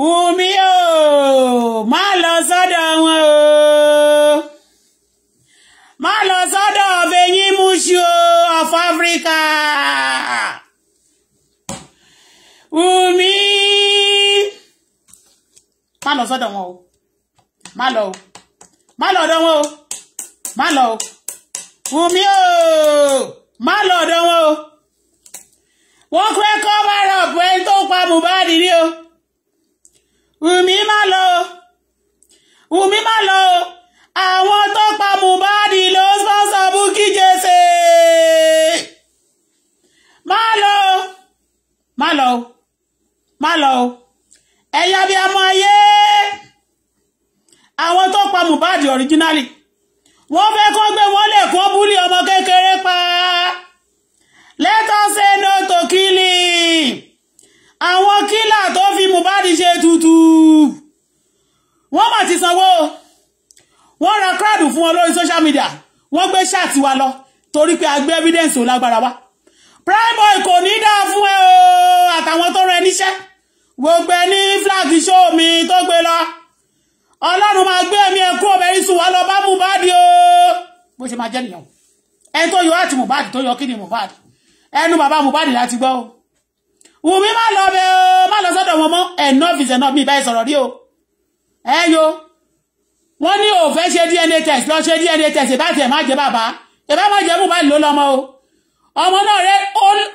Wùmí o má lọ sọ́dọ̀ wọn o má lọ sọ́dọ̀ Fẹ́yìn Múṣì of Africa Wùmí má lọ sọ́dọ̀ wọn o má lọ o má lọ ọ̀dọ̀ wọn o má lọ o Wùmí o má lọ ọ̀dọ̀ wọn o wọ́n pẹ́ kọ́ bá rọ̀ pé tó pa Mohbad ni o wùmí má lọ wùmí má lọ àwọn tó pa Mohbad ló sponsor Bukky Jesse má lọ má lọ má lọ ẹ̀yà bíi amọ̀ ayé àwọn tó pa Mohbad originally wọ́n fẹ́ kó gbé wọn lè kó búlì ọmọ kékeré pa let us say no to killing àwọn kílà tó fi Mohbad ṣe tutù wọ́n mà ti sanwó wọ́n ra káàdù fún wọn lórí social media wọ́n gbé ṣáàtì wa lọ torí pé a gbé evidence ò lágbára wa boy, kò ní dáa fún ẹ o àtàwọn tó rẹ níṣẹ́ gbogbo ẹ ní flag show mi tó gbé lọ ọlọ́run máa gbé ẹ̀mí ẹ̀kú obìnrin sùn wá lọ bá Mohbad o bó ṣe máa jẹ́ nìyẹn ẹni tó yọ àti Mohbad tó yọ kí ni Mohbad ẹnu bàbá Mohbad láti gbọ́ o. Wùmí má lọ bẹ o má lọ sọ́dọ̀ wọn mọ́ enough is enough mi ìbá ẹ sọ̀rọ̀ o ẹ yo wọ́n ní ó fẹ́ ṣe DNA test lọ ṣe DNA test ìbá tiẹ̀ má jẹ bàbá ìbá má jẹ bùbá ló lọ́mọ o ọmọ náà rẹ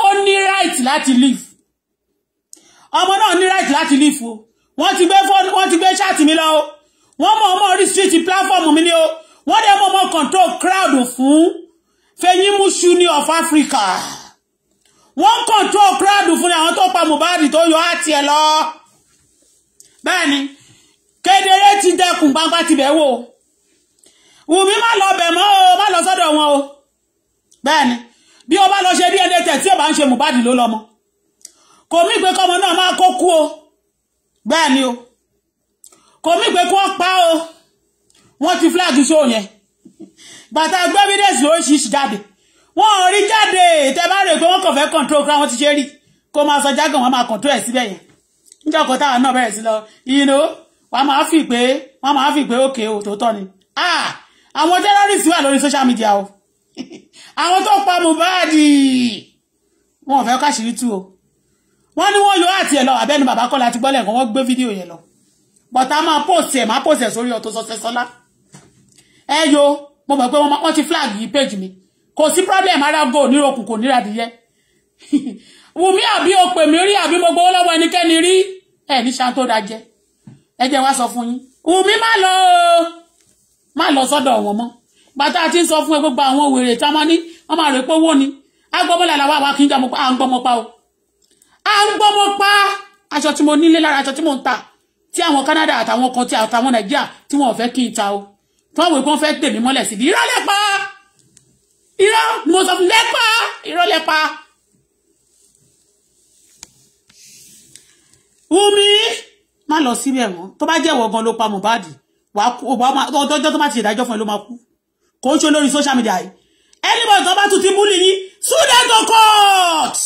ó ní right láti live ọmọ náà ní right láti live o wọ́n ti gbé fóònù wọ́n ti gbé ṣáàtì mi lọ o wọ́n mọ̀ ọmọ orí street platform mi ni o wọ́n dẹ̀ mọ̀ ọmọ control crowd fún Fẹ́yìmúṣu ní of Africa wọ́n ń control crowd fún àwọn tó pa Mohbad tó yọ àti ẹ̀ lọ bẹ́ẹ̀ ni kedere ti dẹkùn gbangba tibẹ̀ wò Wùmí má lọ bẹ̀ mọ́ o má lọ sọ́dọ̀ wọn o bẹ́ẹ̀ ni bí o bá lọ ṣe DNA test tí o bá ń ṣe Mohbad ló lọ́mọ kò mí pé kọ́mọ náà máa kó kú o bẹ́ẹ̀ ni o kò mí pé kó pa o wọ́n ti flag show yẹn bàtà gbẹ́bídẹ́sì oríṣiríṣi jáde wọn ò rí jáde tẹ bá rè pé wọn kàn fẹ́ control kí wọn ti ṣe rí kó máa sọ jágàn wọn máa control ẹ̀ síbẹ̀ yẹn níjọ́ kan táwọn náà bẹ̀rẹ̀ sí lọ ìyìnbó wọn máa fi pé wọn máa fi pé òkè òtòótọ́ ni ah! àwọn terrorist wà lórí social media o àwọn tó pa Mohbad wọn ò fẹ́ káṣírí tú o wọ́n ní wọ́n yọ àti ẹ̀ lọ abẹ́nu bàbá kọ́lá ti gbọ́lẹ̀ kan wọ́n gbé fídíò yẹn lọ bọ̀tá máa pòsì ẹ̀ máa pòsì ẹ̀ sórí Auto Success Ola ẹ yo mo mọ̀ pé wọ́n ti flag yìí page mi kò sí problem arágò onírokù kò níra adìyẹ wùmí àbí o pè mí rí àbí mo gbowó lọ́wọ́ ẹnikẹ́ni rí ẹ ní ṣan tó dájẹ ẹ jẹ́ wá sọ fún yín wùmí má lọ má lọ sọ́dọ̀ wọn mọ́ bàtà tí ń sọ fún ẹ gbogbo àwọn wèrè tá a máa ní wọn máa rè pé owó ni agbọmọlà làwọn àwọn akíńjà mo pa à ń gbọmọ pa o à ń gbọmọ pa aṣọ tí mo nílé lára aṣọ tí mo ń ta tí àwọn Canada àtàwọn kan tí àtàwọn Nàìjíríà tí wọn ò fẹ́ kí n ta o tí wọn wò pé wọn fẹ́ tèmi mọ́lẹ̀ sí i ìrọ̀lẹ́ pa. You know ni of sọ fún lẹ́pa irọ́ lẹ́pa. Wumi má lọ síbẹ̀ mọ́ tó bá jẹ́ ìwọ gan ló pa Mohbad ọjọ́ tó má ti ìdájọ́ fún ẹ ló máa kú kò ń ṣe lórí social media yìí anybody tó bá tún ti búlì yín sudan to court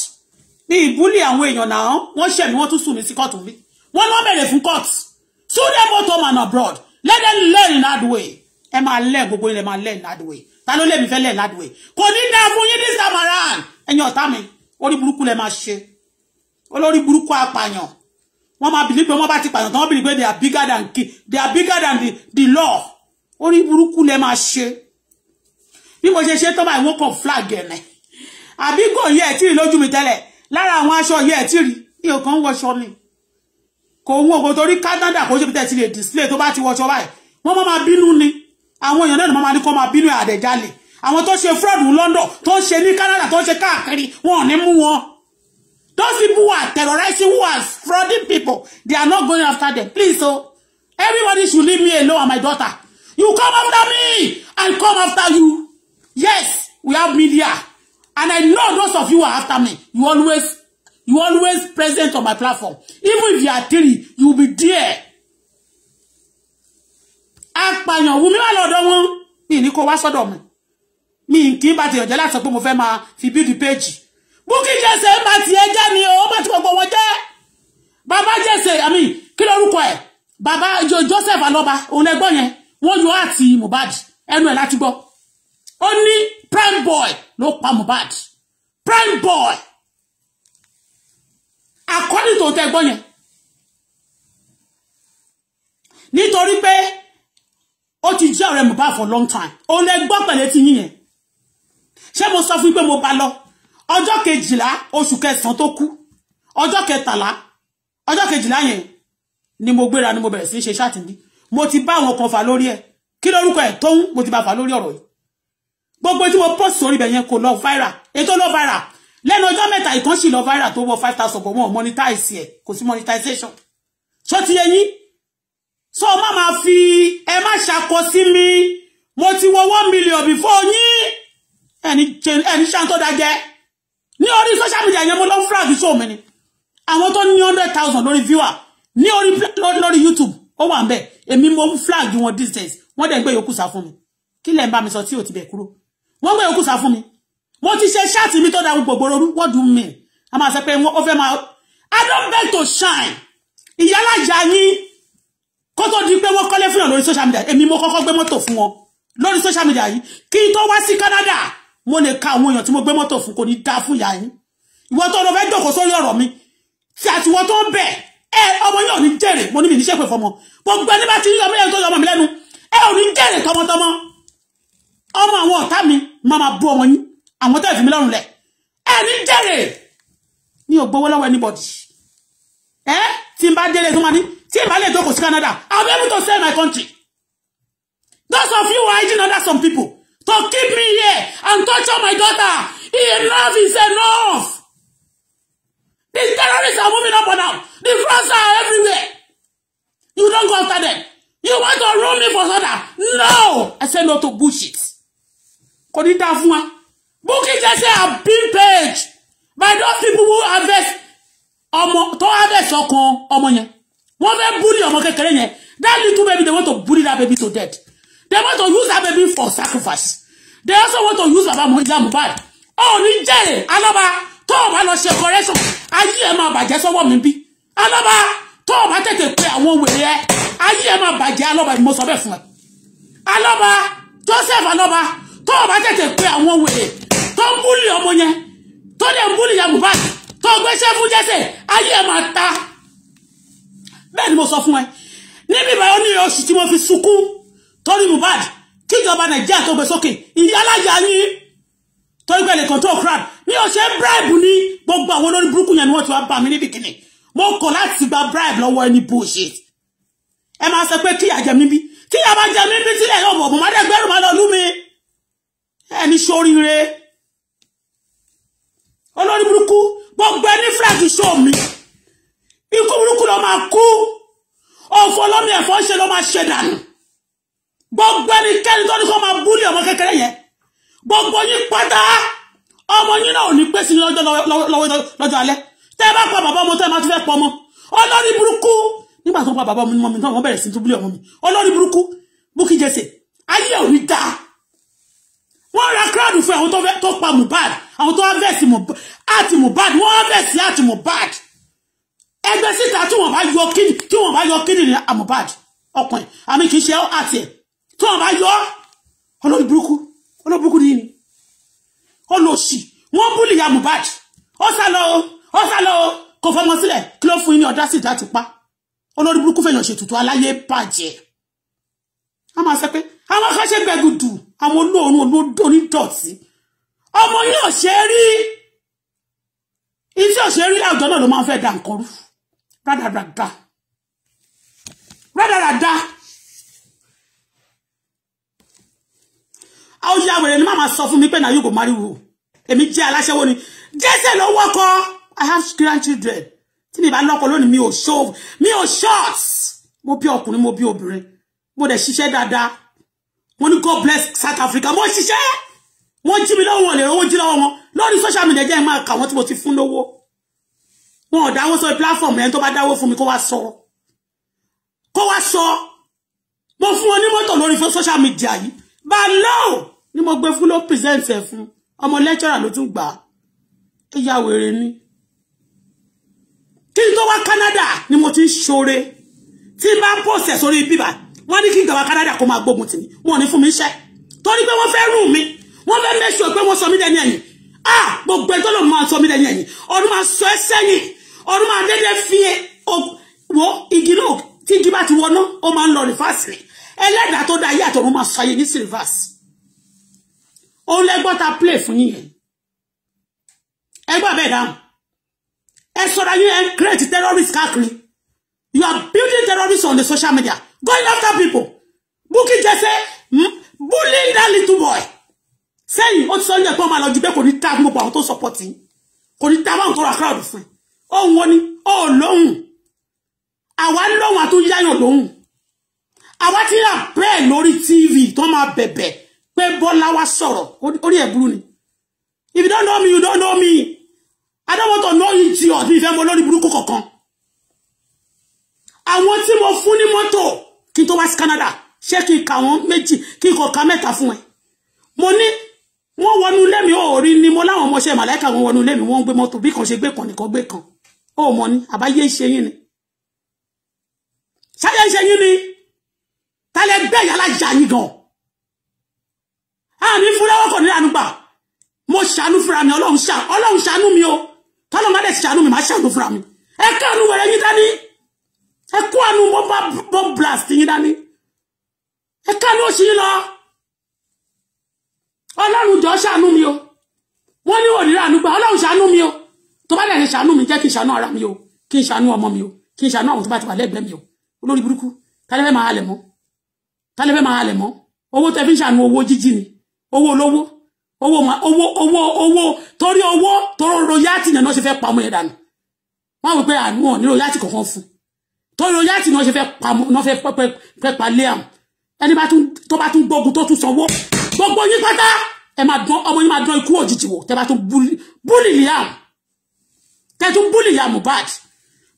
ní ìbúlì àwọn èèyàn náà wọ́n ṣẹ̀ mí wọ́n tún sùn mí sí kóòtù rí wọ́n lọ́ bẹ̀rẹ̀ fún court sudan to man abroad let them learn in hard way ẹ máa lẹ́ gbogbo ilẹ̀ máa lẹ́ in that way ta ló lèmi fẹ́lẹ̀ ládùúgbò kò ní dáa fún yín this time around ẹ̀yin ọ̀tá mi orí burúkú lẹ máa ṣe olórí burúkú apààyàn wọ́n máa bìlí pé wọ́n bá ti pààyàn tán wọ́n they are bigger than they are bigger than the, the law Ori buruku le máa ṣe bí mo ṣe ṣe tọ́ báyìí wọ́n kàn flag ẹ̀ nẹ́ àbí kò yẹ ẹ̀ tí ì lójú mi tẹ́lẹ̀ lára àwọn aṣọ yẹ ẹ̀ tí ì rí ihò kan wọṣọ ni kò wọ́n kò torí Canada kò ṣe bí tẹ̀ ti lè display To bá ti wọṣọ báyìí ma máa bínú ni àwọn èèyàn náà ni wọ́n máa ní kó máa bínú àdẹ̀jálè àwọn tó ṣe fraud London tó ń ṣe ní Canada tó ń ṣe káàkiri wọn ò ní mú wọn those people who are terrorizing who are frauding people they are not going after them please o oh, everybody should leave me alone and my daughter you come after me and come after you yes we have media and I know those of you who are after me you always you always present on my platform even if you are three you be there apàyàn wù mí wà lọ́dọ̀ wọn mi ní kó wá sọ́dọ̀ mi mi kì í bá ti ọ̀jẹ́ láti sọ pé mo fẹ́ máa fi bídì péjì Bukky Jesse má ti ẹ ni o má ti gbogbo wọn jẹ́ bàbá Jesse àmì kí lórúkọ ẹ̀ bàbá Joseph Alọ́ba òun ẹgbọ́n yẹn wọ́n yọ àti Mohbad ẹnu ẹ̀ láti gbọ́ ó prime boy no pa Mohbad prime boy according to tẹ́gbọ́n yẹn nítorí pe? ó ti jẹ́ ọ̀rẹ́ Mohbad for long time òun lè gbọ́ pẹ̀lẹ́ ti yín yẹn ṣé mo sọ fún yín pé mo bá lọ ọjọ́ kejìlá oṣù kẹsàn-án tó kú ọjọ́ kẹtàlá ọjọ́ kejìlá yẹn ni mo gbéra ni mo bẹ̀rẹ̀ sí ṣe ṣàtìndí mo ti bá àwọn kan fà lórí ẹ̀ kí lórúkọ ẹ̀ tó ń mo ti bá fà lórí ọ̀rọ̀ yìí gbogbo tí mo post sórí ibẹ̀ yẹn kò lọ viral ètò lọ viral lẹ́nu ọjọ́ mẹ́ta ìkànṣì lọ viral tó wọ five thousand but wọn monetize ẹ̀ kò sí monetization ṣó ti yẹ yín so má máa fi ẹ má ṣàkọ sí mi mo ti wọ one million before yín ẹni ẹni ṣàǹtọ́ dájẹ́ ní orí social media yẹn mo lọ frag so mi ni àwọn tó ní hundred thousand lórí viewer ní orí lórí youtube ó wà ń bẹ èmi mo flag wọn these days wọ́n dẹ̀ gbé yòókù sá fún mi kí lẹ̀ ń bá mi sọ tí ò ti bẹ̀ kúrò wọ́n gbé yòókù sá fún mi mo ti ṣe ṣáàtì mi tó da gbogbo ooru wọ́n dùn mí a máa sọ pé wọ́n ó fẹ́ máa I don't beg to shine ìyálàjà yín kó tó di pé wọ́n kọ́lé fún yàn lórí social media èmi mo kọ́kọ́ gbé mọ́tò fún wọn lórí social media yìí kí n tó wá sí Canada mo lè ka àwọn èèyàn tí mo gbé mọ́tò fún kò ní dá fún ìyá yín ìwọ tó lọ fẹ́ jókòó sórí ọ̀rọ̀ mi tí àti ìwọ tó ń bẹ̀ ẹ ọmọ yóò ní jèrè mo ní mi ní ṣépè fọmọ gbogbo ẹni bá ti rí ọmọ yẹn tó yọ ọmọ mi lẹ́nu ẹ ò ní jèrè tọmọtọmọ ọmọ àwọn ọ̀tá mi máa máa bú ọmọ yín àwọn tó ìfìmí lọ́rùn lẹ̀ ẹ ní jèrè ní ògbówó lọ́wọ́ anybody ẹ tí n bá délé tó máa ní tí èmi alẹ́ jókòó sí Canada I'll be able to sell my country those of you who are hiding under some people to keep me here and torture my daughter enough is enough the terrorists are moving up and down the crowds are everywhere you don go after them you want to run me for soda no I say no to bullshit kò ní dáa fún wa Bukky say have been paged by those people who harvest ọmọ tó harvest ọkàn ọmọ yẹn wọ́n fẹ́ bully ọmọ kékeré yẹn that little baby they want to bully that baby to death they want to use that baby for sacrifice they also want to use baba Ìyá Mohbad ó ní jèrè alọ́ba tó o bá lọ ṣe correction ayé ẹ̀ máa bàjẹ́ sọ́wọ́ mi bí alọ́ba tó o bá tètè pe àwọn wèrè ẹ ayé ẹ̀ máa bàjẹ́ alọ́ba ni mo sọ bẹ́ẹ̀ fún ẹ alọ́ba Joseph alọ́ba tó o bá tètè pe àwọn wèrè tó ń búlì ọmọ yẹn tó dẹ̀ ń búlì Ìyá Mohbad tó gbéṣẹ́ fún jẹ́sẹ̀ ayé ẹ̀ máa ta bẹ́ẹ̀ ni mo sọ fún ẹ níbi ìbáyọ̀ ní oṣù tí mo fi sunkún torí Mohbad kíjọba Nàìjíríà tó gbé sókè ìyá aláya yín torí pé lè control crowd ní ọ̀sẹ̀ bribe ní gbogbo àwọn olórí burúkú yẹn ni wọ́n ti wá bá mi níbi kìnnì mo kọ̀ láti gba bribe lọ́wọ́ ẹni bullshit ẹ máa sọ pé kíyà jẹ mí bí kíyà bá jẹ mí bí sílẹ̀ yóò bọ̀ bùnmọ́dé gbẹ́rù máa lọ lú mi ẹni ṣoríire olórí burúkú gbogbo ẹni flag show mi ikú burúkú ló máa kú ọ̀fọ̀ lọ́mí ẹ̀fọ́ ṣe ló máa ṣe dànù gbogbo ẹnikẹ́ni tó ní kó máa búlì ọmọ kékeré yẹn gbogbo yín pátá ọmọ yín náà ò ní pé sí lọ́jọ́ lọ́jọ́ alẹ́ tẹ́ ẹ bá pa bàbá ọmọ tẹ́ ẹ máa tún fẹ́ pọ̀ ọmọ olórí burúkú nígbà tó pa bàbá ọmọ mi náà wọ́n bẹ̀rẹ̀ sí túbúlì ọmọ mi olórí burúkú Bukky Jesse ayé ò ní dáa wọ́n ra crowd fún àwọn tó pa Mohbad àwọn tó harvest àti Mohbad wọ́n harvest àti Mohbad ẹgbẹ́ síta tí wọ́n bá yọ kíni tí wọ́n bá yọ kíni ní Mohbad ọkùnrin àmì kì í ṣe àti ẹ̀ tí wọ́n bá yọ olórí burúkú olórí burúkú ní ni olóòṣì wọ́n búlì ya Mohbad ó sá lọ o ó sá lọ o kò fọmọ sílẹ̀ kí ló fún yín ní ọ̀dá síta ti pa olórí burúkú fẹ̀yàn ṣètùtù aláyé bàjẹ́ a máa sọ pé àwọn kan ṣe gbẹgùdù àwọn olóòórùn olódò onídọ̀tí ọmọ yìí ò ṣe é rí iṣẹ́ òṣèré àwùjọ náà ló máa ń fẹ́ da nǹkan rú rádaràda rádaràda ọyà wèrè ni màmá sọ fún mi pé na you go marry who èmi jẹ́ aláṣẹ́wó ni jẹ́sẹ̀ ló wọ́kọ́ i have grandchildren tí mi bá lọ́kọ lónìí mi ò ṣó mi ò short mo bí ọkùnrin mo bí obìnrin mo dẹ̀ ṣiṣẹ́ dáadáa mo ní god bless south africa mo ṣiṣẹ́ Mo jí mi lọ́wọ́ wọn lè rówó jí lọ́wọ́ wọn lórí social media jẹ́ ẹ̀ máa kà wọ́n tí mo ti fún lówó wọn ò dáwó sórí platform ẹni tó bá dáwó fún mi kó wá sọ kó wá sọ mo fún wọn ní mọ́tò lórí fún social media yìí bá a lọ ni mo gbé fún ló present ẹ̀ fún ọmọ lecturer ló tún gbà á tó wèrè ni kí n tó wá Canada ni mo ti ń ṣoore tí n bá post ẹ̀ sórí bíbá wọ́n ní kí n gbàgbà Canada kó máa gbógun tì mí wọn ò ní fún mi iṣẹ́ torí pé wọ́n fẹ́ rùn mi wọ́n fẹ́ mẹ́sùn pé wọ́n sọ mí dẹni ẹ̀yìn ah gbogbo ẹjọ́ lòun máa sọ mí dẹni ẹ̀yìn ọdún máa sọ ẹ́ sẹ́yìn ọdún máa dédé fi wo igi náà tí igi bá ti wọná ó máa ń lọ rìfáàsì ni ẹlẹ́dàá tó dá ayé àtọ̀run máa sọ ayé ní sí òun lẹ́gbọ́n ta play fún yín yẹn ẹgbẹ́ àbẹ̀ dáhùn ẹ sọ̀rọ̀ yín ẹ create terrorist káàkiri you are building terrorists on the social media going after people Bukky Jesse hmm, bullying that little boy sẹ́yìn ó ti sọ yín ẹ̀ pé ó máa lọ jù bẹ́ẹ̀ kò ní ta gbogbo àwọn tó support yín kò ní ta báwọn tó ra crowd fún yín ohun wo ni ó lóhùn àwa lóhùn àtúnyáyàn lóhùn àwa ti rà bẹ́ẹ̀ lórí tv tó máa bẹ̀bẹ̀ pé Bọ́lá wá sọ̀rọ̀ orí ẹ̀ ni if you don't know me you don't know me I don't want to know you ti ọ̀dún ìfẹ́ mọ́ lórí burúkú kọ̀ọ̀kan àwọn tí mo fún ní mọ́tò kí n tó wá sí Canada ṣé kí n kà wọ́n méjì kí n kò ka mẹ́ta fún ẹ mo ní wọ́n wọnú ilé mi ò rí ni mo láwọn ọmọọṣẹ́ màláìka wọ́n wọnú ilé mi wọ́n ń gbé mọ́tò bí kan ṣe gbé kan nìkan gbé kan ó mọ̀ ni àbáyé ṣe yín ni ṣáyé ṣe yín ni tálẹ̀ bẹ́ẹ̀ yàrá yà yín gan àní fúláwọ́ kò ní àánú gbà mo ṣàánú fúnra mi ọlọ́run ṣàánú ọlọ́run ṣàánú mi o tọ́lọ́ má dẹ̀ ṣàánú mi má ṣàánú fúnra mi ẹ káàánú wẹ̀rẹ̀ yín dání ẹ kó àánú bomb blast yín dání ẹ káàánú oṣù yín lọ ọlọ́run jọ ṣàánú mi o wọ́n ní òní ràánú gbà ọlọ́run ṣàánú mi o tó bá dẹ̀ ṣàánú mi jẹ́ kí n ṣàánú ara mi o kí n ṣàánú ọmọ mi o kí n ṣàánú àwọn tó bá ti wà lẹ́gbẹ̀ẹ́ mi o olórí burúkú tálẹ́fẹ́ máa halẹ̀ mọ́ tálẹ́fẹ́ máa halẹ̀ mọ́ owó tẹ́ fi ń ṣàánú owó jíjí ni owó olówó owó owó owó owó torí owó tóró royalty náà ṣe fẹ́ pa ọmọ yẹn dànù wọ́n wí pé àánú ọ̀ ní royalty kankan fún torí royalty náà ṣe fẹ́ pa náà fẹ́ pẹ́ pa lé àwọn ẹni tó bá tún gbógun tó tún sanwó gbogbo yín pátá ẹ máa dán ọmọ yín máa dán ikú òjijì wò tẹ́ bá tún búlì búlì lé àwọn tẹ̀tún búlì ya Mohbad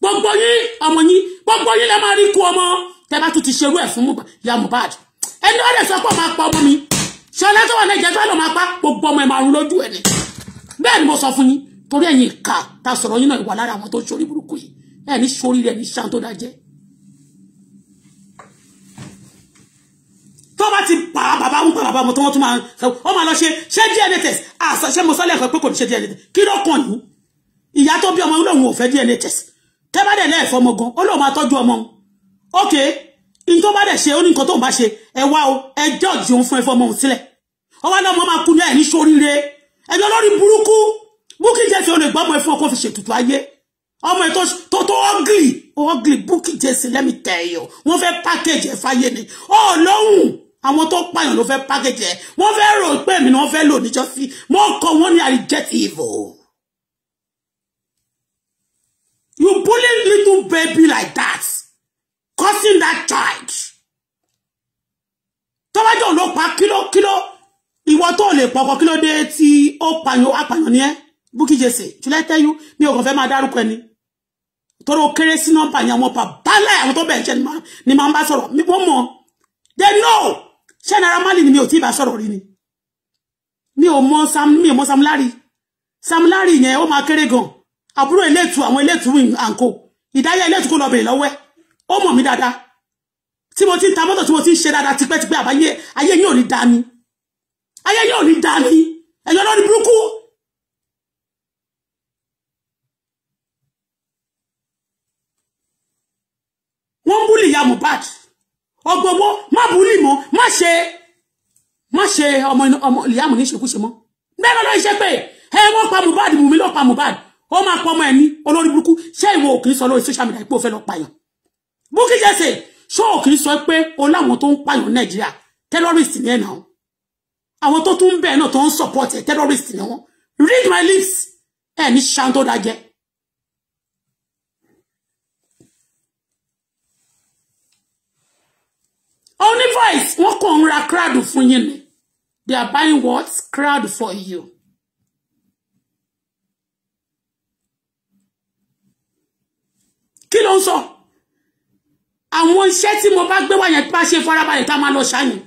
gbogbo yín ọmọ yín gbogbo yín lè máa rí ku ọmọ tẹ bá tún ti ṣerú ẹ̀ fún ya Mohbad ẹni wọ́n lè sọ pé ọmọ apá ọmọ mi ṣọlá tó wà ní ìjẹ́jọ́ àlọ́ máa pa gbogbo ọmọ ẹ̀ máa rún lójú ẹ̀ ni bẹ́ẹ̀ ni mo sọ fún yín torí ẹ̀yin ìka ta sọ̀rọ̀ yín náà ìwà lára àwọn tó ń ṣorí burúkú yìí ẹ̀ ní ṣorí rẹ̀ ní ṣáà tó dájẹ́ tó bá ti pa bàbá ń pa bàbá ọmọ tó wọ́n tún máa ń sọ ọ máa lọ ṣe ṣé DNA test àṣà ṣé mo sọ lẹ́ẹ̀kan pé kò ní ṣe DNA test kí ló kàn ìyá tó bí ọmọ olóhùn ò fẹ́ DNA test tẹ́ bá dẹ̀ lẹ́ẹ̀fọ́ ọmọ gan olóhùn máa tọ́jú ọmọ ok n tó bá dẹ̀ ṣe ó ní nǹkan tó ń bá ṣe ẹ wá o ẹ jọ́ọ̀jì òun fún ẹ fọmọ òun sílẹ̀ ọwọ́ náà ọmọ máa kú ní ẹ̀ ní sóríire ẹ̀yọ́ lórí burúkú búkì jẹ́sẹ̀ ò lè gbọ́ ọmọ ẹ fún ọkọ fi ṣètùtù ayé ọmọ ẹ tó tó ọ́gìlì ọ́gìlì búkì jẹ́sẹ̀ lẹ́mi tẹ̀ ẹ̀yọ́ wọ́n fẹ́ pákéjì ẹ̀ fáyé ni ó lóhùn àwọn tó pààyàn ló fẹ́ pákéjì ẹ̀ wọ́n fẹ́ rò pé èmi ni wọ́n fẹ́ lò níjọ́ sí mọ́ kọ wọ́n ní àríjẹ́tì ìbò. You bullying little baby like that. Causing that child. Tọ́wájọ́ ló pa kilo kilo. Ìwọ tó lè pọkọ kíló dé tí ó panyo apààyàn panyo niye. Bukky Jesse, should I tell you? Mi ò kàn fẹ́ máa dárúkọ ẹni. kere kéré sí nọ́mbà ni àwọn bàbá láì àwọn tó bẹ̀ ṣe ni máa ń bá Mi wọ́n They know. Ṣé Naira Marley ni mi ò tí ì bá sọ̀rọ̀ ni? Mi ò mọ Sam mi o mo Sam lari. Sam lari yẹn o máa kéré gan àbúrò elétu àwọn elétu àǹkó ìdáyà elétu kò lọ bèrè lọ́wọ́ ẹ̀ ó mọ̀ mí dáadáa tí mo ti ń ta mọ́tò tí mo ti ń ṣe dáadáa tipẹ́tipẹ́ àbáyé ayé yóò ní dání ayé yóò ní dání ẹ̀yọ́ lórí burúkú wọ́n ń búlì ya Mohbad ọgbọ́wọ́ má búlì mọ́ má ṣe má ṣe ọmọ ìyá mi ní ṣekúṣe mọ́ bẹ́ẹ̀ lọ́lọ́ iṣẹ́ pé ẹ wọ́n pa Mohbad mú mi lọ́ pa Mohbad ó máa pọ ọmọ ẹ ní olórí burúkú ṣé ìwọ ò kì social media pé o fẹ́ lọ pààyàn Bukky Jesse ṣé ò kì í sọ pé o láwọn tó ń pààyàn Nàìjíríà terrorist ni ẹ̀ náà àwọn tó tún bẹ́ẹ̀ náà tó ń support ẹ̀ terrorist ni wọ́n read my lips ẹ̀ ní ṣan tó dájẹ́. only voice wọn kàn ń ra crowd fún yín ni they are buying what crowd for you. kí ló ń sọ àwọn iṣẹ́ tí mo bá gbé wá yẹn bá ṣe farabalẹ̀ tá a máa lọ ṣáàyàn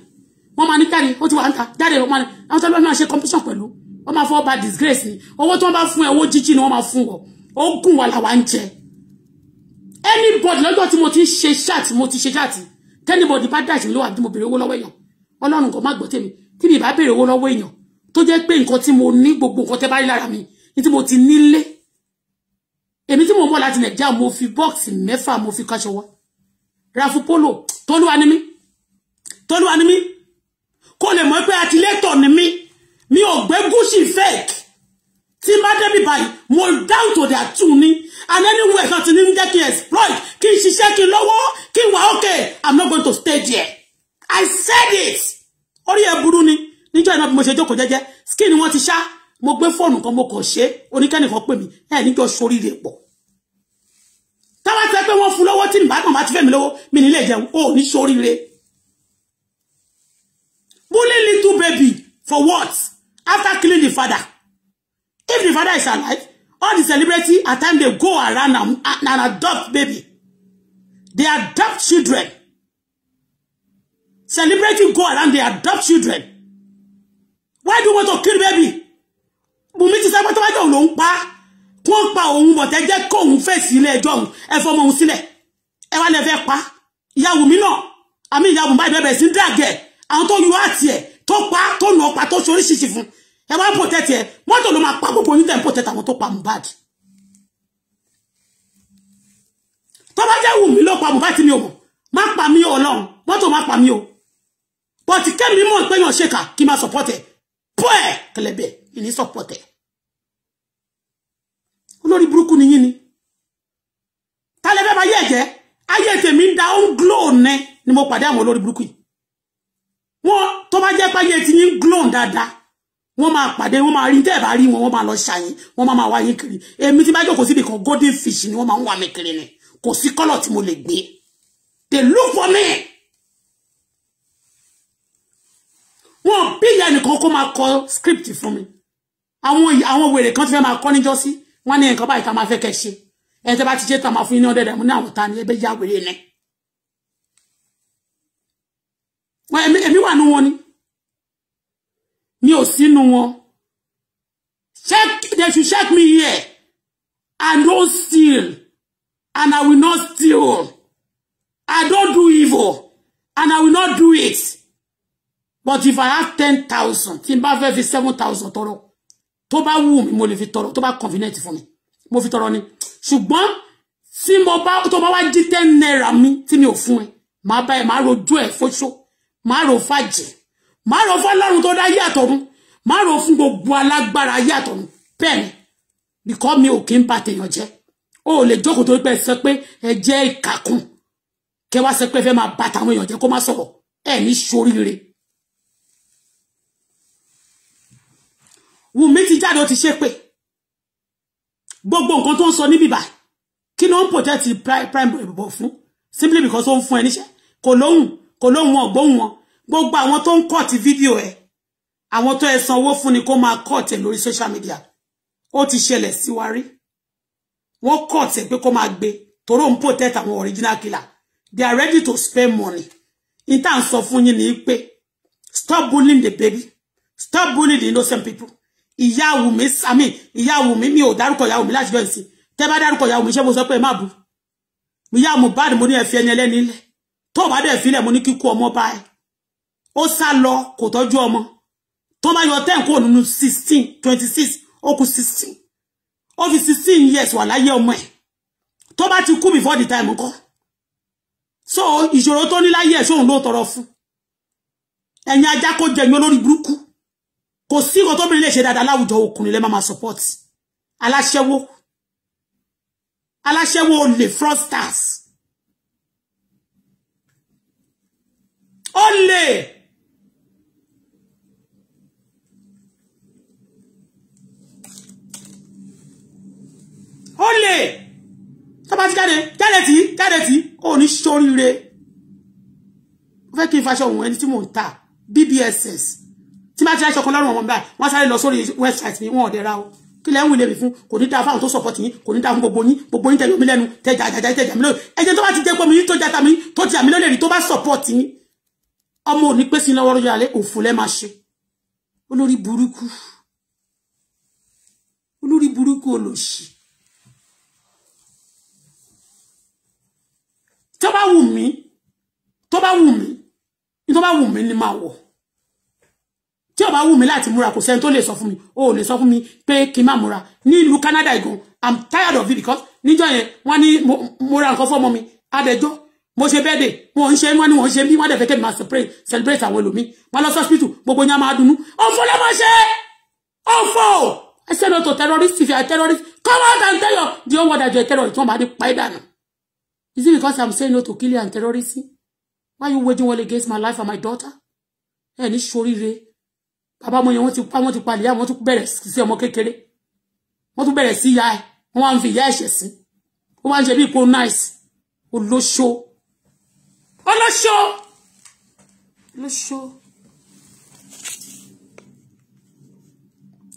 wọ́n máa ní jáde ó ti wà ń ta jáde wọ́n máa ní àwọn sọ́dọ̀ máa ṣe competition pẹ̀lú wọ́n máa fọwọ́ ba disgrace ni owó tí wọ́n bá fún ẹ owó jíjí ni wọ́n máa fún ọ ó gùn wà làwa ń jẹ anybody lọ́jọ́ tí mo ti ń ṣe ṣáàtì mo ti ṣe ṣáàtì tẹ́nibọ̀dì bá dàjì mi ló wà bí mo béèrè owó lọ́wọ́ èèyàn ọlọ́run kò má gbọ́ tèmi tí mi bá béèrè owó lọ́wọ́ èèyàn tó jẹ́ pé nǹkan tí mo ní gbogbo nǹkan tẹ́ bá rí lára mi ní tí mo ti nílé èmi tí mo ń bọ̀ láti nàìjíríà mo fi bọ́ọ̀sì mẹ́fà mo fi kaṣọ wá rafu polo tolúwa ni mí tolúwa ni mí kó lè mọ̀ pé atilétọ̀ ni mí mi ò gbé gúúsì fake tí de débi bayi mo down to their tune and anywhere kan ti ní jẹ́ kí n exploit kí n ṣiṣẹ́ kí n lọ́wọ́ okay i'm not going to stay there i said it orí ẹ burú ni níjọ́ ìnáwó bí mo ṣe jókòó jẹ́jẹ́ skin wọn ti ṣá mo gbe fóònù kan mo kàn ṣe oníkẹ́nìkan pè mí ẹ̀ níjọ́ sóríire pọ̀ tábà ti fẹ́ pé wọ́n fún lọ́wọ́ tí nìbá kan bá ti fẹ́ mi lọ́wọ́ mi nílé jẹun ó ní sóríire. bully little baby for what after killing the father if the father is alive all the celebrity at time dey go around and, and adopt baby they adopt children celebrity go around they adopt children why do you want to kill baby bùnmi ti sẹ́gbẹ́ tó bá jẹ́ òun ló ń pa á kí wọ́n pa òun bọ̀tẹ́ jẹ́ kóun fèsì ilé ẹjọ́ òun ẹ fọmọ òun sílẹ̀ ẹ wá lẹ fẹ́ pa ìyàwó mi náà àmì ìyàwó báyìí bẹ̀rẹ̀ sí dàgẹ̀ àwọn tó yọ àti ẹ̀ tó pa tó nà ọ̀pá tó ṣe oríṣiríṣi fún ẹ wá pòtẹ́tì ẹ mọ́tò ló máa pa gbogbo onídẹ̀ ń pòtẹ́tì àwọn tó pa Mohbad tó bá jẹ́ Wùmí ló pa Mohbad mi ò mọ̀ má pa mí Ọlọ́run mọ́tò má pa mí o bọ̀tì kẹ́mi mọ̀ pé yàn ṣèkà kí n máa sọ̀pọ̀tẹ̀ pọ́ ẹ̀ kẹlẹ́bẹ̀ ìní sọ̀pọ̀tẹ̀ olórí burúkú ni yín ni ta lè fẹ́ máa yé ẹ̀jẹ̀ ayé tèmi da ó glow nẹ ni mo pàdé àwọn olórí burúkú yìí wọn tó bá jẹ́ pé ti yín glow dáadáa wọ́n máa pàdé wọ́n máa rí tẹ́ ẹ̀ bá rí wọn wọ́n máa lọ ṣàyìn wọ́n máa máa wáyé kiri èmi tí bá jókòó síbi kan golden fish ni wọ́n máa ń wà kiri ni kò sí kọ́lọ̀ tí mo lè gbé they look for me. wọn bí ìyá ẹnìkan kó máa kọ script fún mi àwọn àwọn wèrè kan ti fẹ́ máa kọ́ níjọ́sí wọ́n ní nǹkan báyìí tá máa fẹ́ kẹ́ ṣe ẹ tẹ́ bá ti ṣe tá máa fún yín ní ọ̀dẹ̀dẹ̀ mo ní àwọn ta ni ẹbẹ̀ yá wèrè ni wọ́n èmi wà nú wọn ni mi ò sínú wọn check they should check me here I don't steal and I will not steal I don't do evil and I will not do it but if I have ten thousand tí n bá fẹ́ fi seven thousand tọrọ tó bá wù mí mo lè fi tọrọ tó bá convenient fún mi mo fi tọrọ ni ṣùgbọ́n tí mo bá tó bá wá jí ten naira mi tí mi ò fún ẹ máa bá ẹ máa rojú ẹ fóṣó máa ro fàjẹ máa ro fọlọ́run tó dá ayé àtọ̀run máa ro fún gbogbo alágbára ayé àtọ̀run bẹ́ẹ̀ ni bìkọ́ mi ò kí ń bà tèèyàn jẹ́ o ò lè jókòó tó pẹ́ sọ pé ẹ jẹ́ ìkàkùn kẹ wá sọ pé fẹ́ máa bà tàwọn èèyàn jẹ́ kó má sọ̀rọ̀ ẹ ní ṣoríire Wùmí ti jáde ó ti ṣépè gbogbo nǹkan tó ń sọ níbí báyìí kí ló ń protect prime bọ̀ fún simply because ó ń fún ẹ níṣẹ́ kò lóhùn kò lóhùn wọn gbóhùn wọn gbogbo àwọn tó ń cut fídíò ẹ àwọn tó ẹ sanwó fún ni kó máa cut ẹ lórí social media ó ti ṣẹlẹ̀ sí wa rí wọ́n cut ẹ pé kó máa gbé toró ń protect àwọn original killer they are ready to spend money in tá à ń sọ fún yín ni pé stop bullying the baby stop bullying the innocent people ìyá Wùmí sami ìyá Wùmí mi ò dárúkọ ìyá Wùmí láti jọ ìsìn tẹ bá dárúkọ ìyá Wùmí ṣé mo sọ pé má bu ìyá Mohbad mo ní ẹ fi ẹni ẹlẹ́ni lẹ̀ tó bá dẹ̀ filẹ̀ mo ní kíkú ọmọ báyìí ó sá lọ kò tọ́jú ọmọ tó bá yọ ten kúrò nínú sixteen twenty six ó kú sixteen ó fi sixteen years wà láyé ọmọ ẹ̀ tó bá ti kú before the time ńkọ́ so ìṣòro tó ní láyé ẹ̀ ṣóun ló tọrọ fún ẹ̀yin ajá kó jẹ̀yìn olórí burúkú kò sí nǹkan tóbìnrin lè ṣe dáadáa láwùjọ ọkùnrin lẹ́ máa máa support aláṣẹ́wó aláṣẹ́wó olè fraudsters olè olè tó bá ti jáde jáde tí jáde tí kò ní ṣoríire mo fẹ́ kí n faṣọ òun ẹni tí ta bbss tí bá ti rẹ́ ṣọkan lọ́rùn wọn báyìí wọ́n sáré lọ sórí website mi wọn ò dẹ̀ra o kí lẹ́hìn wílé mi fún kò ní dáa fáwọn tó support yín kò ní dáa fún gbogbo yín gbogbo yín tẹ̀lé omi lẹ́nu tẹ̀jà àjàjà tẹ̀jà mi lórí ẹ̀jẹ̀ tó bá ti jẹ́ pé mi yín tó jata mi tó ti àmì lórí rí tó bá support yín ọmọ òní pé sí lọ́wọ́ lójú alẹ́ òfò lẹ́ máa ṣe olórí burúkú olórí burúkú olòṣì tó bá wù mí tó bá wù mí tó bá wù mí ni máa wọ̀ tí ó bá wù mí láti múra kò sẹ́ni tó lè sọ fún mi o lè sọ fún mi pé kí n má múra ní Canada igun i'm tired of it because níjọ́ yẹn wọ́n ní mo ra nǹkan fọ́mọ mi adẹjọ́ mo ṣe bẹ́ẹ̀ dè wọ́n ń ṣe wọ́n ní wọ́n ń ṣe bí wọ́n dẹ̀ fẹ́ kẹ́mi máa celebrate àwọn ẹlòmíì wọ́n lọ sọ́spítù gbogbo yẹn máa dunnú ọ̀fọ̀ ló máa ṣe ọ̀fọ̀ I say no to terrorists if you are terrorists come out and tell your the whole that you are terrorist wọ́n máa ní pa ẹ́ is it because I'm saying no to killing and why you waging war against my life and my daughter ẹ ní ṣoríire bàbá ọmọ yẹn wọ́n ti pa wọ́n ti palẹ̀ ìyá wọ́n tún bẹ̀rẹ̀ sí ọmọ kékeré wọ́n tún bẹ̀rẹ̀ sí ìyá ẹ̀ wọ́n wá ń fi ìyá ẹ̀ṣẹ̀ sí wọ́n wá ń ṣe bí ipò nice olóṣó olóṣó olóṣó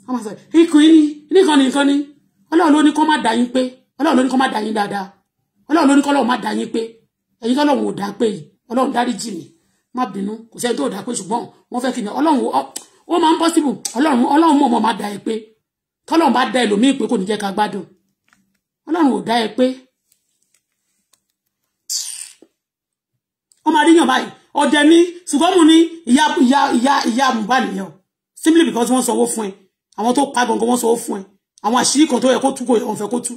wọ́n máa sọ ikùn yín ní nìkan nìkan ni ọlọ́run ló ní kó má dà yín pé ọlọ́run ló ní kó má dà yín dáadáa ọlọ́run ló ní kó ọlọ́run má dà yín pé ẹ̀yin kọ́ ọlọ́run ò dá pé yìí ọlọ́run dáríjì mi má bínú kò sẹ́ni tó dá pé ṣùgbọ́n wọ́n fẹ́ kí ni ọlọ́run ó máa ń possible ọlọ́run ọlọ́run mọ̀ mọ́ máa da ẹ pé tọ́lọ́run bá da ẹlòmíì pé kò ní jẹ́ ká gbádùn ọlọ́run ò dá ẹ pé ó máa ríyàn báyìí ọdẹ ní ṣùgbọ́n mo ní ìyá ìyá ìyá ìyá Mohbad nìyẹn o simply because wọ́n sanwó fún ẹ àwọn tó pa gangan wọ́n sanwó fún ẹ àwọn àṣírí kan tó yẹ kó tú kò ọ̀fẹ́ kó tú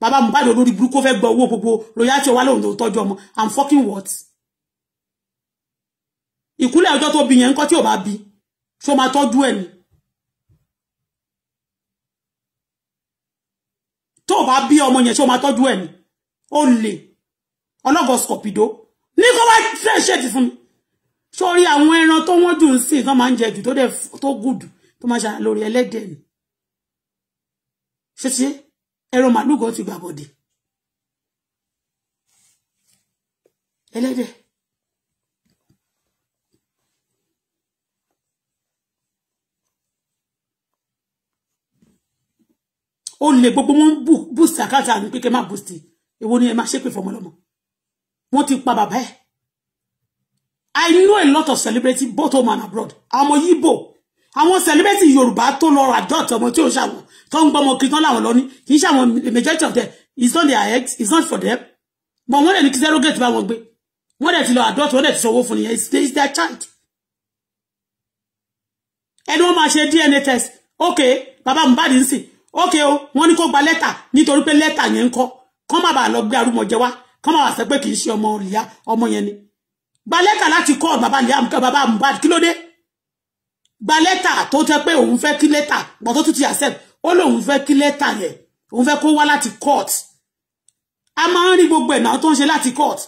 bàbá Mohbad olórí burúkú fẹ́ gba owó gbogbo royalty ọwá lòun ló tọ́jú ọmọ i'm fucking what ìkúlẹ̀ ọjọ́ tó bí yẹn ńkọ́ tí ò bá bí So máa tọ́jú ẹ̀ ni tó bá bí ọmọ yẹn ṣó máa tọ́jú ẹ̀ ni ó lè ọlọ́gọ̀ sọ̀pìdó ní kó wá tẹ̀ ṣètì fún mi sórí àwọn ẹran tó wọ́n jù ń sìn tó máa ń jẹ jù tó dẹ̀ tó gùdù tó máa ṣàlàyé lórí ẹlẹ́dẹ̀ ni ṣé ṣe ẹran màlúù gan ti gbàbọ̀dẹ̀ ẹlẹ́dẹ̀ ó lè gbogbo wọn boost àkáǹtì àmì pé kẹ́ má boost èwo ni ẹ má ṣépè fọmọ lọmọ wọ́n ti pa bàbá ẹ̀ I know a lot of celebrity both home and abroad àmọ́ yíbò àwọn celebrity Yorùbá tó lọ ra dot ọmọ tí ò ṣàwọn tó ń gbọmọ kí tán láwọn lọ ní kì í majority of them it's not their ex it's not for them but wọ́n dẹ̀ ní kí zero gate bá wọn gbé wọ́n dẹ̀ ti lọ adult wọ́n dẹ̀ ti sanwó fún nìyẹn it's their child ẹni wọ́n máa ṣe DNA test okay bàbá Mohbad ń sìn ókè o wọ́n ní kó gba lẹ́tà nítorí pé lẹ́tà yẹn ń kọ́ kán má bàa lọ gbé arúmọjẹ wá kán má bàa sọ pé kì í ṣe ọmọ ìyá ọmọ yẹn ni gba lẹ́tà láti kọ́ bàbá Liam bàbá Mohbad kí ló dé gba lẹ́tà tó tẹ pé òun fẹ́ kí lẹ́tà pọ̀ tó ti accept ó lóun fẹ́ kí lẹ́tà yẹn òun fẹ́ kó wá láti court a máa ń rí gbogbo ẹ̀nà tó ń ṣe láti court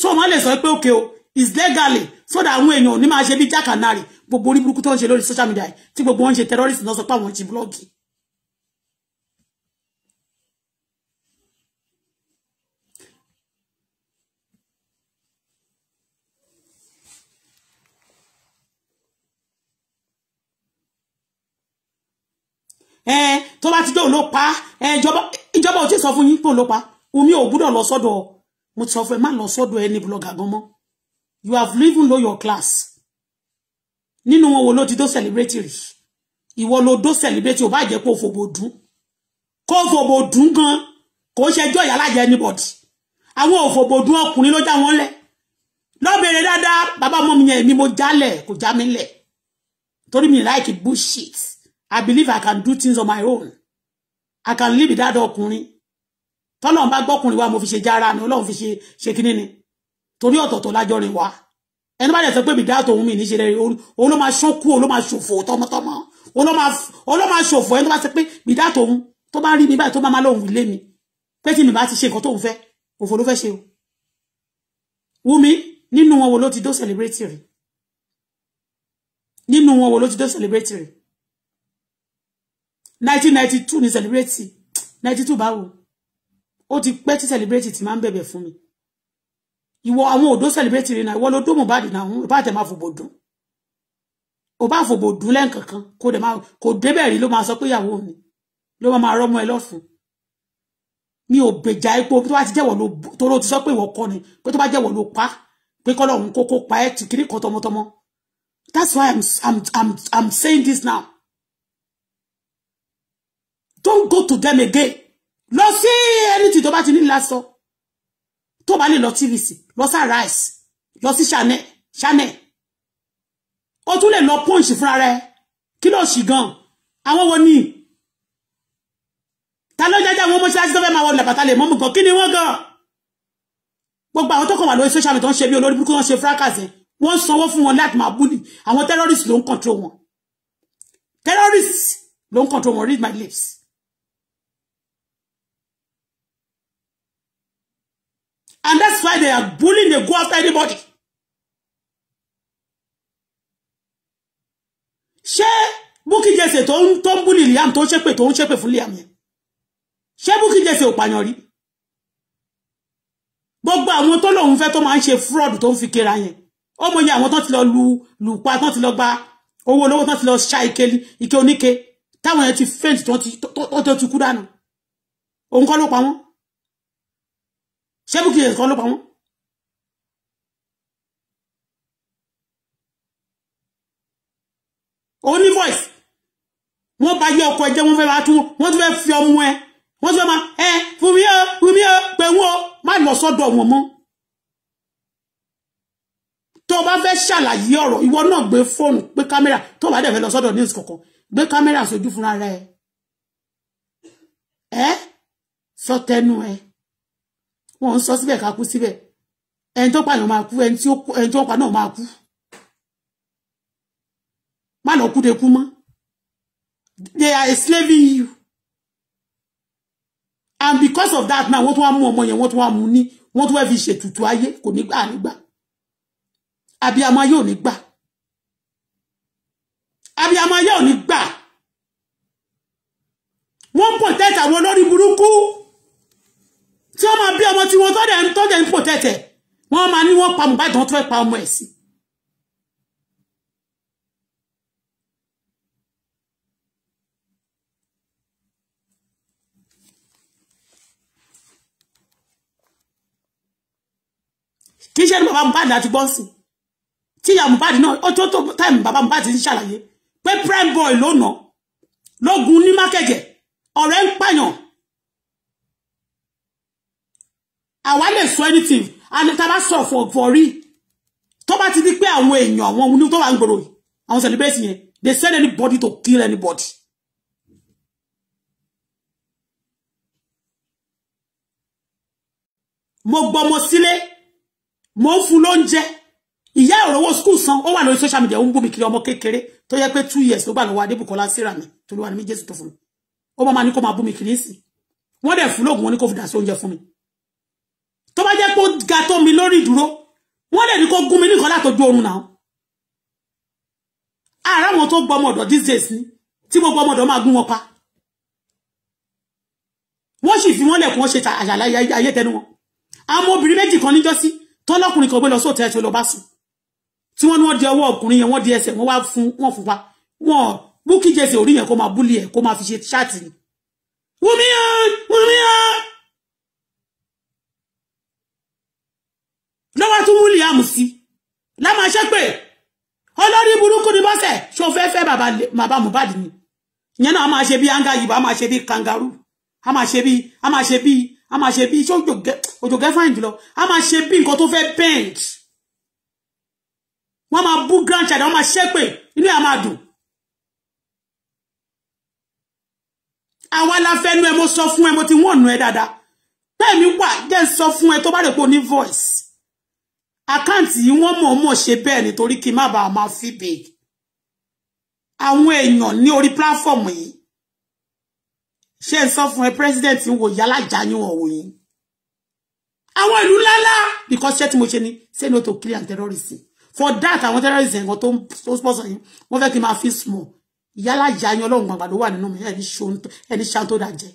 so wọ́n lè sọ pé ókè o is legally so that àwọn èèyàn ò ní máa ṣe bí jákànnárì gbogbo orí tó ń ṣe lórí social media tí gbogbo wọn ń ṣe terrorist náà sọ pé àwọn ti blọ́ọ̀gì ẹ tó bá ti dé òun ló pa ẹ ìjọba ìjọba sọ fún yín pé ló pa omi ò gbúdọ̀ lọ sọ́dọ̀ mo ti sọ fún ẹ má lọ sọ́dọ̀ ẹni blogger gan mọ́ you have lived low your class nínú wọn wo ló ti dó celebrate rí ìwọ ló dó celebrate ò bá jẹ́ kó fòbò dùn kó fòbò dùn gan kò ṣẹjọ́ ìyá lájẹ anybody àwọn òfòbò dùn ọkùnrin ló já wọn lẹ̀ lọ́bẹ̀rẹ̀ dáadáa bàbá ọmọ mi yẹn mi mo jálẹ̀ kò já mi lẹ̀ torí mi like bullshit I believe I can do things on my own. I can live without ọkùnrin. Tọ́lọ́run bá gbọ́kùnrin wa mo fi ṣe jára ni Ọlọ́run fi ṣe ṣe kíní ni. Torí ọ̀tọ̀ọ̀tọ̀ lájọ́ rìn wá. Ẹni bá dẹ̀ sọ pé mi dáàtò òun mi ní ṣe rẹ̀ òun ló máa ṣókú òun ló máa ṣòfò tọmọtọmọ. Òun ló máa ṣòfò ẹni tó bá sọ pé mi dáàtò òun tó bá rí mi báyìí tó bá máa lóhùn ilé mi. Pé tí mi bá ti ṣe nǹkan tóun fẹ́ òfò ló fẹ́ ṣe o. Wúmi nínú wọn wo ló ti dó celebrate rẹ̀? Nínú wọn wo ló ti do celebrate rẹ̀? 1992, ninety ni celebrate ninety two báwo ó ti pẹ́ tí celebrate ti máa ń bẹ̀bẹ̀ fún mi ìwọ àwọn òdó celebrate rẹ̀ náà ìwọ ló dó Mohbad náà òun ìbá tẹ̀ máa fòbò dùn ò bá fòbò dùn lẹ́ǹkankan kò dẹ̀ máa kò débẹ̀ rí ló máa sọ pé ìyàwó mi ló máa máa rọ́mọ ẹ lọ́fun mi ò bèjà epo tó bá ti jẹ́wọ́ ló toró ti sọ pé ìwọ kọ́ ni pé tó bá jẹ́wọ́ ló pa pé kọ́ lọ́hún kókó pa ẹ́ tìkírí kan tọmọtọmọ that's why I'm, I'm, I'm, I'm saying this now don't go to them again lọ see anything tó bá ti ní lásọ tó bá lè lọ tvc lọ sí rice lọ sí chanel chanel o tún lè lọ punch fúnra rẹ kí ló ṣì gan àwọn wo ni ta ló jẹjẹ àwọn mọ́ṣáláṣí tó fẹ́ máa wọ làbàtà lè mọ́mú gan kí ni wọ́n gan gbogbo àwọn tó kàn wà lórí social media tó ń ṣe bí olórí burúkú tó ń ṣe fracas yẹn wọ́n sanwó fún wọn láti máa bully àwọn terrorists ló ń control wọn terrorists ló ń control wọn read my lips And that's why they are bullying, they go after anybody. Ṣé Bukky Jesse tó ń tó ń bully Liam tó ń ṣépè tó ń ṣépè fún Liam yẹn? Ṣé Bukky Jesse ò pààyàn rí? Gbogbo àwọn tó lòun fẹ́ tó máa ń ṣe fraud tó ń fi kéra yẹn. Ọmọ yẹn àwọn tán ti lọ lu lùpa tán ti lọ gba owó olówó tán ti lọ ṣá ike ike oníke táwọn yẹn ti faint tán ti kú dànù. Òun kọ́ ló pa wọ́n ṣé Bukky Jease kan ló pa ní voice wọ́n bá yẹ ọkọ ẹ̀jẹ̀ wọ́n fẹ́ máa tún wọ́n tún fẹ́ fi ọmọ ẹ wọ́n tún fẹ́ máa ẹ fún mi ó fún mi ó pé wọ́n má lọ sọ́dọ̀ wọn mọ́ tó o bá fẹ́ ṣàlàyé ọ̀rọ̀ ìwọ náà gbé fóònù gbé kámẹ́rà tó o bá dẹ̀ fẹ́ lọ sọ́dọ̀ news kọ̀ọ̀kan gbé kámẹ́rà sójú fúnra rẹ̀ ẹ́ sọ tẹnu ẹ̀ wọn ń sọ síbẹ̀ ká kú síbẹ̀ ẹni tó pààyàn máa kú ẹni tí ó pa náà máa kú má lọ kú de kú mọ́ they are enslaving you and because of that now wọ́n one wá mú ọmọ yẹn wọ́n tún wá mú ní wọ́n tún wá fi ṣètùtù ayé kò ni gbà abi abiyamọ yóò ní gbà abiyamọ yóò ní gbà wọ́n protect àwọn olórí burúkú tí wọ́n máa bí ọmọ tí wọ́n tọ́jà ń tọ́jà ń pò tẹ̀tẹ̀ wọ́n máa ní wọ́n pa Mohbad wọ́n tó fẹ́ pa ọmọ ẹ̀ sí. kì í ṣe ní bàbá Mohbad àti bọ́ǹsì tí ìyá Mohbad náà ó tó tó táìmù bàbá Mohbad ti ṣàlàyé pé prime boy ló nà lógun ní mákẹ́jẹ̀ ọ̀rẹ́ ń pààyàn àwa lè sọ anything and tá a bá sọ for for real tó bá ti di pé àwọn èèyàn àwọn ní to wà ń gbòòrò yìí àwọn celebrate yẹn they send anybody to kill anybody. mo gbọmọ sílé mo ń fún lóúnjẹ ìyá ìrọwọ skul san ó wà lórí social media ó ń bú mi kiri ọmọ kékeré tó yẹ pé two years ló bá lọ́wọ́ adébùkọ́lá síra mi tó ló wà ní méjèèjì tó fún mi ó máa ní kó máa bú mi kiri sí wọ́n dẹ̀ fún lóògùn wọn ní kó fi dà sí oúnjẹ fún mi tó bá jẹ́ pé ó ga tó mi lórí ìdúró wọ́n lè ní kó gún mi ní nǹkan látọjú oorun náà ara wọn tó gbọmọ modo these days ni tí gbogbo ọmọdọ̀ máa gún wọn pa wọ́n sì fi wọ́n lẹ̀kùn wọ́n ṣe àṣàlà ayé tẹnu wọn àwọn obìnrin méjì kan níjọ́sí tọ́lọ́kùnrin kan gbé lọ sóòtẹ́ tí ó lọ bá sùn tí wọ́n ní wọ́n di ọwọ́ ọkùnrin yẹn wọ́n di ẹsẹ̀ wọ́n wá fún wọn fún pa wọn búkí jẹsẹ̀ orí yẹn kó máa búlì ẹ̀ kó máa fi ṣe ṣáàtì ni wùmí ẹ wùmí ẹ lọ́wọ́ tún mú liam sí lámà ṣépè olórí burúkú ni bọ́sẹ̀ ṣó fẹ́ fẹ́ bàbá Mohbad ni ìyẹn náà a máa ṣe bí anga yìí a máa ṣe bí kangaroo a máa ṣe bí a máa ṣe bí a máa ṣe bí ṣé òjò gẹ́fàìn jùlọ a máa ṣe bí nǹkan tó fẹ́ bench wọ́n máa bú grandchild wọ́n máa ṣépè inú ẹ̀ máa dùn àwa la fẹnu ẹ mo sọ fún ẹ mo ti wọ́n nu ẹ dáadáa bẹ́ẹ̀ mi wà jẹ́ sọ fún ẹ tó bá rẹ̀ pé o ní voice àkáǹtì yìí wọ́n mọ̀ọ́mọ̀ ṣe bẹ́ẹ̀ nítorí kí n má bàa máa fi big àwọn èèyàn ní orí platform yìí ṣe ń sọ fún ẹ president ń wò yálà jáyún ọ̀wọ̀ yìí àwọn ìlú ńláńlá because ṣé tí mo ṣe ni say no to kill and terrorism for that àwọn terrorist ẹ̀ngàn tó ń sponsor yìí wọ́n fẹ́ kí n máa fi small yálà jáyún ọlọ́run gbàgbà ló wà nínú mi ẹni ṣan tó dájẹ́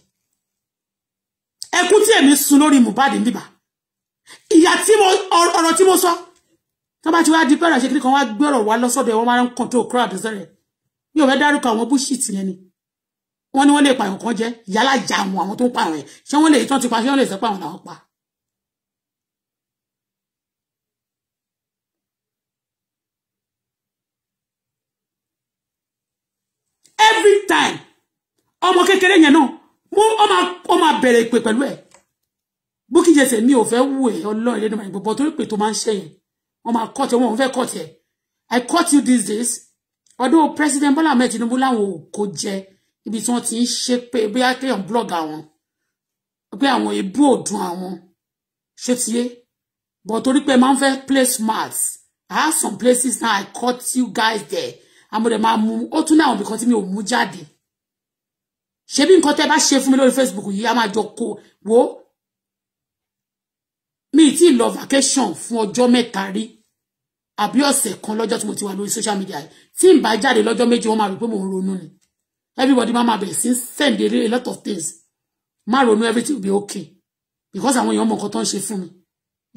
ẹkún tí èmi sun lórí Mohbad níbà ìyá tí mo ọ̀rọ̀ tí mo sọ tó bá ti wá di pẹ́rẹ́ àṣekiri kan wá gbọ́rọ̀ wá lọ́sọ̀dọ̀ wọn máa ń control crowd sẹ́rẹ̀ mi ò fẹ́ dárúkọ àwọn bullshit yẹn ni wọ́n ní wọ́n lè pààyàn kan jẹ́ yálà jà àwọn àwọn tó ń pààyàn yẹn ṣé wọ́n lè tán ti pa ṣé wọ́n lè sọ pààyàn làwọn pa. every time ọmọ kékeré yẹn náà wọ́n máa bẹ̀rẹ̀ ìpè pẹ̀lú ẹ̀ Bukky Jesse mi ò fẹ́ wù ẹ́ Ọlọ́run lẹ́nu mayin gbogbo torí pé tó máa ń ṣe yẹn wọ́n máa cut ẹ wọ́n fẹ́ cut ẹ I cut you these days ọdún president Bọ́lá Ahmed Tinubu láwọn ò kó jẹ ibi tí wọ́n ti ń ṣe pé bóyá kéèyàn blog àwọn pé àwọn ebú òdùn àwọn ṣé ti yé but torí pé máa ń fẹ́ play smart I have some places now I cut you guys there àmọ́dé máa mú ó tún náà bìkan tí mi ò mú jáde ṣebí nǹkan tẹ́ bá ṣe fún mi lórí Facebook yìí a máa jọ kó wo mi ti lọ vacation fún ọjọ́ mẹ́ta rí àbí ọ̀sẹ̀ kan lọ́jọ́ tí mo ti wà lórí social media tí n bá jáde lọ́jọ́ méje wọ́n máa rò pé mo ń ni everybody máa máa bẹ̀rẹ̀ sí send a lot of things má ronú everything will be okay because àwọn èèyàn mọ nǹkan tó ń ṣe fún mi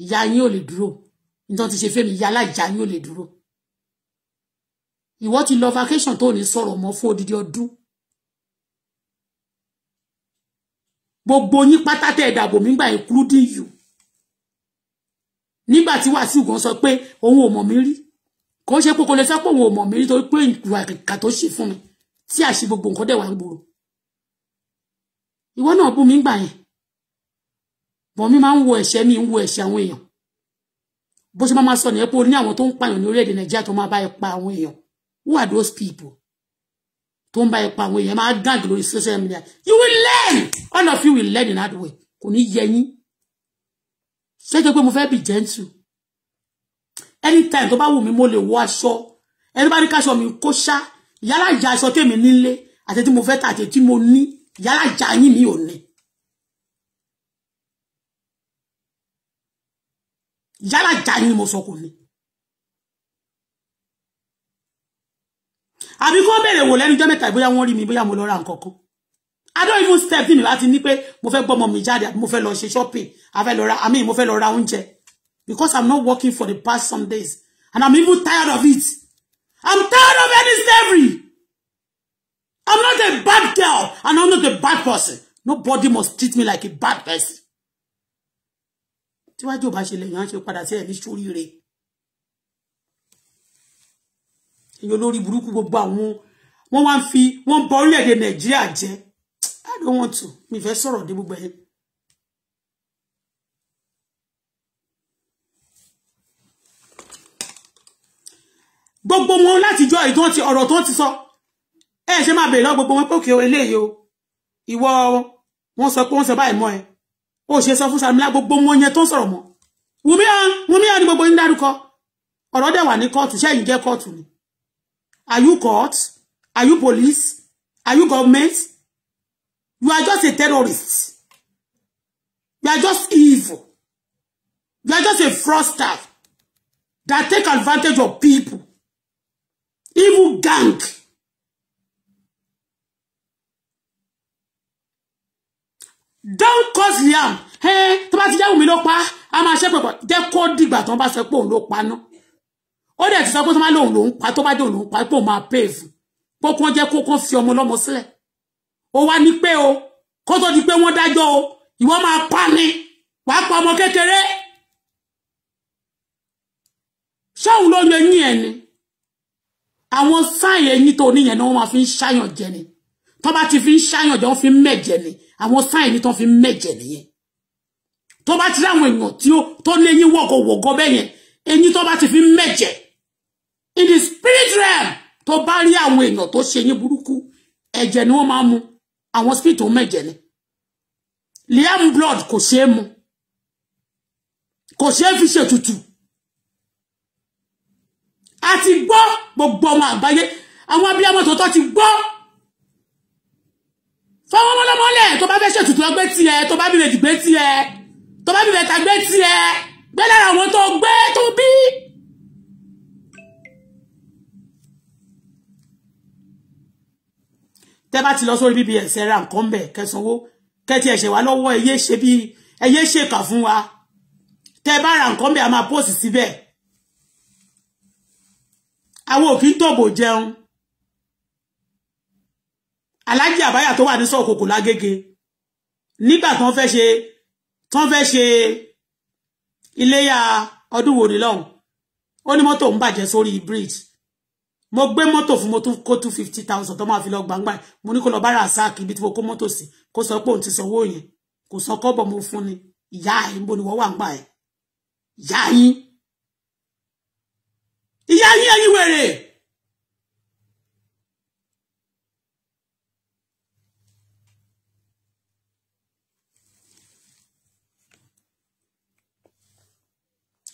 ìyá yín ò lè dúró nítorí ti ṣe fẹ́mi ìyá aláìjà yín ò lè dúró ìwọ ti lọ vacation tó ní sọ̀rọ̀ mo fún odidi ọdún gbogbo yín pátá tẹ̀ dàbò mí gbà including you nígbà tí Wàsíù gan sọ pé òun ò mọ̀ mí rí kò ṣe pé lè sọ pé òun ò mọ̀ mí rí torí pé ìwà kà tó ṣì fún mi tí àṣì gbogbo nǹkan dẹ̀ ń gbòòrò ìwọ náà bú mi gbà yẹn bọ̀ máa ń wo ẹ̀ṣẹ̀ mi ń wo ẹ̀ṣẹ̀ àwọn èèyàn bó ṣe máa ma sọ nìyẹn pé o ní àwọn tó ń pààyàn ní orílẹ̀-èdè Nàìjíríà tó máa bá ẹ pa àwọn èèyàn who are those people tó ń bá ẹ pa àwọn èèyàn máa gàgì lórí social media you will learn all of you will learn in that way kò ní yẹ yín ṣé jẹ́ pé mo fẹ́ be gentle anytime tó bá wù mí mo lè wọ aṣọ ẹni bá ní káṣọ mi kó ṣá yálà ìjà aṣọ tèmi nílé àti tí mo fẹ́ tàtẹ̀ tí mo ní yálà ìjà yín mi ò ní. yálà ìjà yín ni mo sọ kò ní. àbí kó bèrè wò lẹ́nu jẹ́ mẹ́ta bóyá wọ́n rí mi bóyá mo lọ ra nǹkan kan. I don't even step in láti ní pé mo fẹ́ gbọ́mọ mi jáde àbí mo fẹ́ lọ ṣe shopping a fẹ́ lọ ra I mean mo fẹ́ lọ ra oúnjẹ because I'm not working for the past some days and I'm even tired of it I'm tired of any slavery I'm not a bad girl and I'm not a bad person nobody must treat me like a bad person tíwájú ò bá ṣe lèèyàn ṣe padà sí ẹ̀mí sóríire èyí olórí burúkú gbogbo àwọn wọn wá fi wọn bọ orílẹ̀-èdè Nàìjíríà jẹ́ don't want to mi fẹ́ sọ̀rọ̀ dé gbogbo ẹ̀yìn. gbogbo wọn láti jọ ìtàn ti ọ̀rọ̀ tó ti sọ ẹ ṣe máa bèèrè lọ gbogbo wọn pé òkè eléyìí o ìwọ wọn sọ pé wọn sọ báyìí mọ ẹ ó ṣe sọ fún Sàmílà gbogbo wọn yẹn tó ń sọ̀rọ̀ mọ́ Wùmí hàn Wùmí hàn ní gbogbo yín dárúkọ ọ̀rọ̀ dẹ̀ wà ní kóòtù ṣẹ́yìn jẹ́ kóòtù ni are you court are you police are you government You are just a terrorist. You are just evil. You are just a fraudster that take advantage of people. Evil gang. Don't cause Liam. Hey, eh, tó ti jẹ́ Wùmí ló pa, a máa ṣe pẹ̀pọ̀. Jẹ́ kó dìgbà tó bá sọ pé òun ló pa náà. Ó dẹ̀ ti sọ pé tó bá lóun lòun pa, tó bá jẹ́ òun pa, pé òun máa pè fún. Pé kó jẹ́ kó fi ọmọ lọ́mọ sílẹ̀ ó wá ní pé o kó tó di pé wọ́n dájọ́ o ìwọ máa pa ni wàá pa ọmọ kékeré ṣóun ló yan eyín ẹ ni àwọn sáì eyín tó níyẹn ni wọ́n máa fi ń ṣàyàn jẹ ni tó bá ti fi ń ṣàyàn jẹ wọ́n fi ń mẹ̀jẹ̀ ni àwọn sáì eyín tó fi ń mẹ̀jẹ̀ nìyẹn tó bá ti ráwọn èèyàn tí ó tó léyìn wọ̀gọ̀wọ̀gọ̀ bẹ́yẹn eyín tó bá ti fi ń mẹ̀jẹ̀ in the spirit realm tó bá rí àwọn èèyàn tó ṣe yín burúkú ẹ̀jẹ̀ ni wọ́n máa mu àwọn spirit òun mẹ̀jẹ̀ ni liam blood kò ṣeé mu kò ṣeé fi ṣètùtù a ti gbọ́ gbogbo ọmọ àgbáyé àwọn abiyamọ tòótọ́ ti gbọ́ fọwọ́ mọ́lọ́mọ́lẹ̀ tó bá fẹ́ ṣètùtù ọgbẹ́ tiẹ̀ tó bá bìrẹ̀ dìgbẹ́ tiẹ̀ tó bá bìrẹ̀ tàgbẹ́ tiẹ̀ gbẹ́ lára àwọn to gbẹ́ to bí. tẹ́ bá ti lọ sórí bbs ẹ ra nǹkan bẹ̀ kẹsanwó kẹtì ẹ̀ṣẹ̀ wá lọ́wọ́ ẹyẹ ṣe bí ẹyẹ ṣèkà fún wa tẹ́ bá ra nǹkan bẹ̀ a máa post síbẹ̀ àwọn òfin tòbò jẹun aláàjì àbáyà tó wà ní sọ̀kòkò lágége nígbà tán fẹ́ ṣe tán fẹ́ ṣe iléyà ọdún wo ni lọ́hùn ó ní mọ́tò ń bàjẹ́ bridge mo gbé mọ́tò fún mo tún kó two fifty thousand tó máa fi lọ gbangba mo ní kó lọ bá Razak ibi tí mo kó mọ́tò sí kó sọ pé òun ti sanwó yẹn kò san kọ́bọ̀ mo fún ni ìyá yín bó ni wọ́n wà ń gbà ẹ̀ ìyá yín ìyá yín ẹ̀yin wèrè.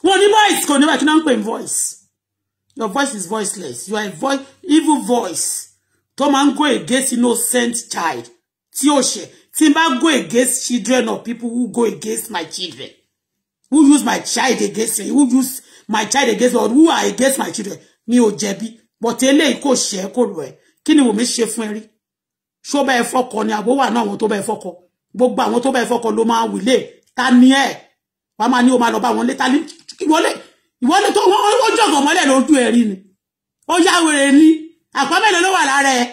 wọn ní voice kò ní wà kí náà ń pè voice. Your voice is voiceless. You are a voice, evil voice. Tó máa ń go against innocent child. Tioche, ó ṣe. go against children or people who go against my children. Who use my child against me. Who use my child against me or who are against my children. Me ò jẹ̀bi. But eléyìí kò ṣe é kò rò ẹ́. Kí ni Wùmí ṣe fún ẹ rí? Ṣó bá ẹ fọkọ ni àbó wà náà àwọn tó bá ẹ fọkọ. Gbogbo àwọn tó bá ẹ fọkọ ni ẹ̀? Wàá máa ní o máa lọ bá wọn ìwọ ni tó ó jọ̀gàn mọ́lẹ̀ ló ń tú ẹ̀rí ni ó yá wèrè ni àpamẹ́lẹ̀ ló wà lára ẹ̀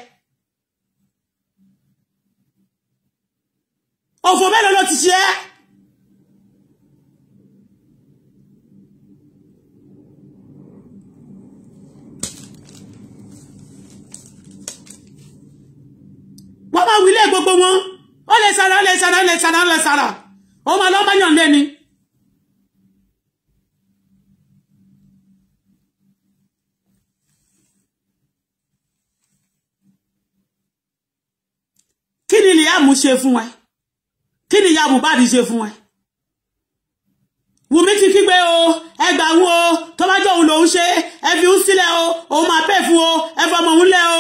òfò mẹ́lẹ̀ ló ti ṣe é. wọ́n máa wílé gbogbo wọn ó lè sara ó lè sara ó lè sara ó lè sara ó máa lọ́ bá yàn lẹ́ni. ni Liam ṣe fún Kini kí ni ìyá Mohbad ṣe fún ẹ Wùmí ti kígbe o ẹgbà wo tọ́lájọ́ òun lòún ṣe ẹ fi ń sílẹ̀ o òun máa pẹ́ fún o ẹ fọmọ òun lẹ́ o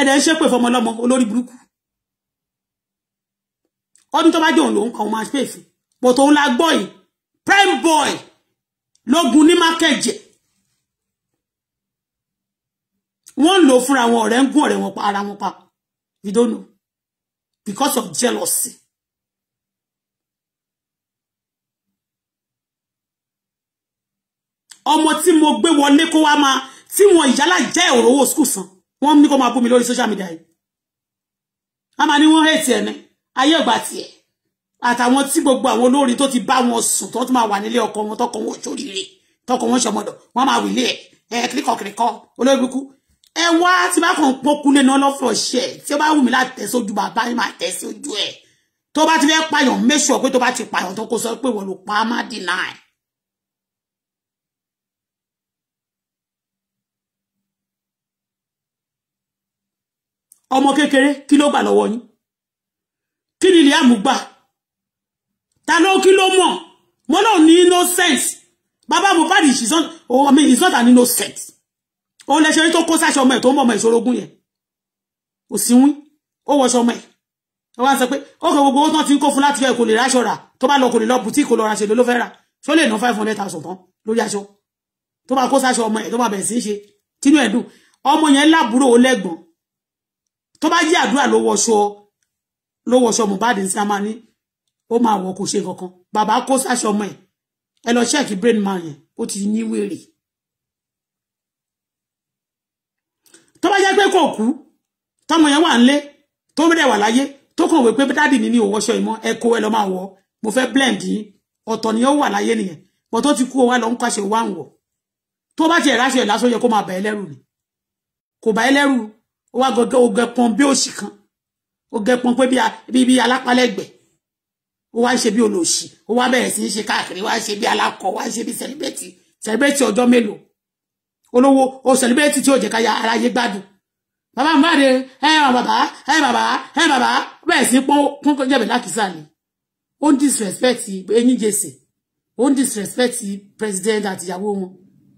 ẹ̀dẹ̀ ń ṣépè fọmọ lọ́mọ olórí burúkú ọdún tọ́lájọ́ òun lòún òun máa pẹ́ fún pọ̀ tóun la gbọ́ yìí prime boy lo ní mákẹ́jẹ̀ wọ́n ń lò fúnra wọn ọ̀rẹ́ ń gún ọ̀rẹ́ wọn pa ara wọn pa ìdónú because of jealousy. ọmọ tí mo gbé wọlé kó wá máa tí wọn ìyálà jẹ́ òrówó skul san wọ́n ní kó máa bú mi lórí social media yìí a máa ní wọ́n hate ẹni ayé ọgbà tiẹ̀ àtàwọn tí gbogbo àwọn olórin tó ti bá wọn sùn tó máa wà nílé ọkọ wọn tọkọ wọn òṣòrire tọkọ wọn ṣọmọdọ wọ́n máa wílé ẹ ẹ kíríkọ ẹ wá tí bá kàn pokùn lẹ́nu ọlọ́fọ̀ ṣẹ̀ tí ó bá wù mí láti tẹ̀ sójú bàbá yìí máa tẹ̀ sójú ẹ̀ tó bá ti fẹ́ pààyàn make sure pé tó bá ti pààyàn tó kó sọ pé wọ́n ló pa á má deny. ọmọ kékeré kí ló gbà lọ́wọ́ yín kí ni Liam gbà ta ló kí ló mọ̀ mo náà ní innocent bàbá Mohbad ìṣìṣàn ọmọ ìṣìṣàn ta ní innocent òun lẹ ṣe rí tó kó sáṣọ ọmọ ẹ̀ tó mọ ọmọ ìṣorogún yẹn kò sí wín ó wọṣọ ọmọ ẹ̀ ó wá sọ pé ó kọ gbogbo owó tán ti ń kó fún láti yọ kò lè ráṣọ rà tó bá lọ kò lè lọ bùtí kò lọ ra ṣèlú ló fẹ́ rà ṣó lè ná five hundred thousand tán lórí aṣọ tó bá kó sáṣọ ọmọ ẹ̀ tó bá bẹ̀rẹ̀ sí í ṣe tínú ẹ̀ dùn ọmọ yẹn lábúrò ó lẹ́gbọ̀n tó bá jí àdúrà ló wọṣọ ló wọṣọ Mohbad ní samani ó máa wọ kò ṣe kankan bàbá kó sáṣọ ọmọ ẹ̀ ẹ lọ ṣẹ́ẹ̀kì brain man yẹn ó ti ní wèrè tó bá jẹ́ pé kò kú tọmọ yẹn wà nílé tó bẹ̀rẹ̀ wà láyé tó kàn wé pé dádì mi ní òwò ìmọ̀ ẹ kó ẹ máa wọ mo fẹ́ blend yín ọ̀tọ̀ ni ó wà láyé nìyẹn bọ́ tó ti kú wa lọ ń kàṣẹ wá ń wọ̀ tó bá ti ẹ̀ráṣẹ lásán yẹ kó máa bà ẹ́ lẹ́rù ni kò bà ẹ́ lẹ́rù ó wá gọgẹ́ ogẹ pọn bí òṣì kan ogẹ pọn pé bí bí alápálẹ̀gbẹ̀ ó wá ń ṣe bí olòṣì ó wá bẹ̀rẹ̀ sí ń ṣe káàkiri wá ń ṣe bí alákọ̀ wá ń ṣe bí sẹ̀lẹ́bẹ̀tì sẹ̀lẹ́bẹ̀tì ọjọ́ mélòó olówó o celebrate tí ó jẹ́ ká ya aráyé gbádùn bàbá mi báde ẹ bàbá ẹ bàbá ẹ bàbá bẹ́ẹ̀ sí pọ́n kún kọjá mi lákìsà ni ó ń disrespect eyín jèsè ó ń disrespect president àti ìyàwó wọn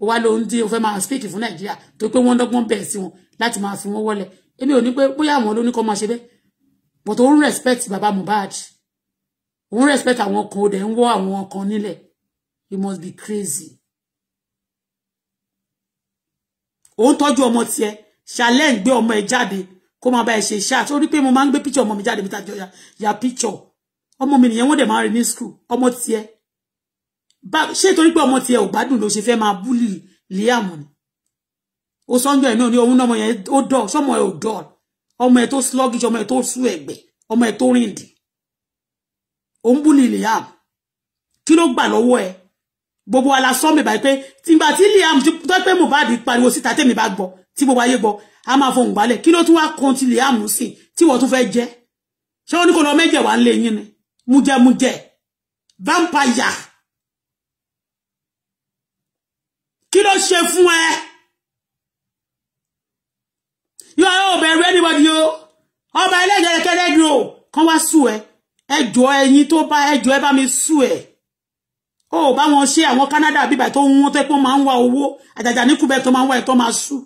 ó wá lóhun tí ó fẹ́ máa speak fún nàìjíríà tó pé wọ́n dọ́gbọ́n bẹ̀ẹ̀ sí wọn láti máa fi wọ́n wọlé èmi ò ní pé bóyá àwọn olóníkọ́ máa ṣe bẹ́ẹ̀ but ó ń respect bàbá Mohbad ó ń respect àwọn kan ó dẹ̀ ń wọ́ àwọn kan nílẹ̀ you must be crazy ò ń tọ́jú ọmọ tiẹ̀ ṣàlẹ́ ń gbé ọmọ ẹ jáde kó máa bá ẹ ṣe ṣáà torí pé mo máa ń gbé píchọ̀ ọmọ mi jáde mi tàjọ ya picture. ọmọ mi nìyẹn wọ́n dẹ̀ máa rí ní skul ọmọ tiẹ̀ ṣé torí pé ọmọ tiẹ̀ ò gbádùn ló ṣe fẹ́ máa bully Liam ni ó sọ́njọ́ ẹ̀ náà ni òun náà ọmọ o ó dọ̀ sọ́mọ ẹ̀ ò dọ̀ ọmọ ẹ̀ tó sluggish ọmọ ẹ̀ tó sú ẹ̀gbẹ́ ọmọ ẹ̀ tó O òun búlì Liam kí ló gbà lọ́wọ́ ẹ̀ gbogbo ala sọ mi báyìí pé tìgbà tí Liam tó pé Mohbad pariwo síta tèmi bá gbọ́ tí gbogbo ayé gbọ́ a máa fohùn gbálẹ̀ kí ló tún wá kan ti Liam sí tí wọ́n tún fẹ́ jẹ́ ṣé ó ní kò lọ mẹ́jẹ̀ wá ń lé yín ni mújẹmújẹ vampire kí ló ṣe fún ẹ yóò yóò bẹ̀rù anybody o ọba ẹlẹ́jẹ̀ kẹ́lẹ́dùn o kán wá sùn ẹ ẹjọ́ ẹyin tó bá ẹjọ́ ẹ bá mi sùn ẹ ó bá wọn ṣe àwọn Canada bíbà tó ń wọ́n tó pé wọ́n máa ń wá owó àjàjà ní Quebec tó máa ń wá ẹ̀ tó máa sú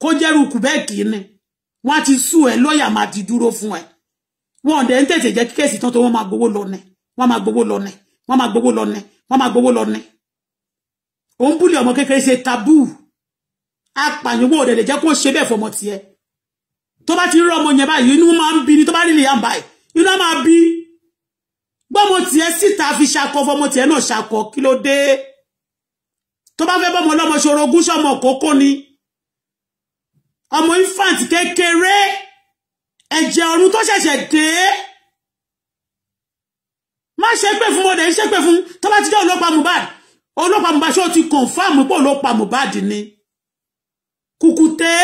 kó jẹ́rù Quebec ni wọ́n á ti sú ẹ̀ lọ́ọ̀yà máa ti dúró fún ẹ̀ wọn ò dẹ̀ ń tètè jẹ́ kíkẹ́sì tán tó wọ́n máa gbowó lọ nẹ wọ́n máa gbowó lọ nẹ wọ́n máa gbowó lọ nẹ wọ́n máa gbowó lọ nẹ òun búlẹ̀ ọmọ kékeré ṣe tabú apàyànwó ọ̀dẹ̀ lè jẹ́ kó ṣe bẹ́ẹ̀ fọmọ tiẹ̀ tó bá ti rí ọmọ yẹn báyìí inú máa ń bi ni tó bá rí lè yàn báyìí inú máa bí gbọ́mọ tiẹ̀ síta fi ṣakọ fọmọ tiẹ̀ náà ṣakọ kí ló dé tó bá fẹ́ bọ́mọ ọlọ́mọ ṣorogún ṣọmọ kókó ni ọmọ infant kékeré ẹ̀jẹ̀ ọ̀run tó ṣẹ̀ṣẹ̀ dé má ṣe pé fún mọ́dẹ̀ ṣe pé fún tó bá ti jẹ́ ọlọ́pàá Mohbad ọlọ́pàá Mohbad ṣó ti confam pé ọlọ́pàá Mohbad ni kùkùté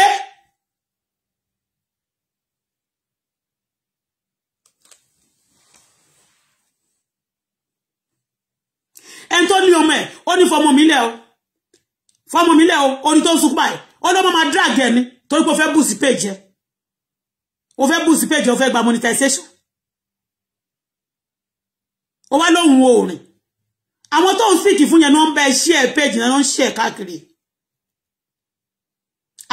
ẹni tó ní ọmọ ẹ̀ ó ní fọmọ mi lẹ̀ o fọmọ mi lẹ̀ o orin tó ń sunkún báyìí ó lọ́mọ máa drag ẹ̀ ni torí pé o fẹ́ boost page ẹ̀ o fẹ́ boost page ẹ̀ o fẹ́ gba monetization o wá lóhùn orin àwọn tó ń speak fún yẹn ni share page na ni wọ́n ń share káàkiri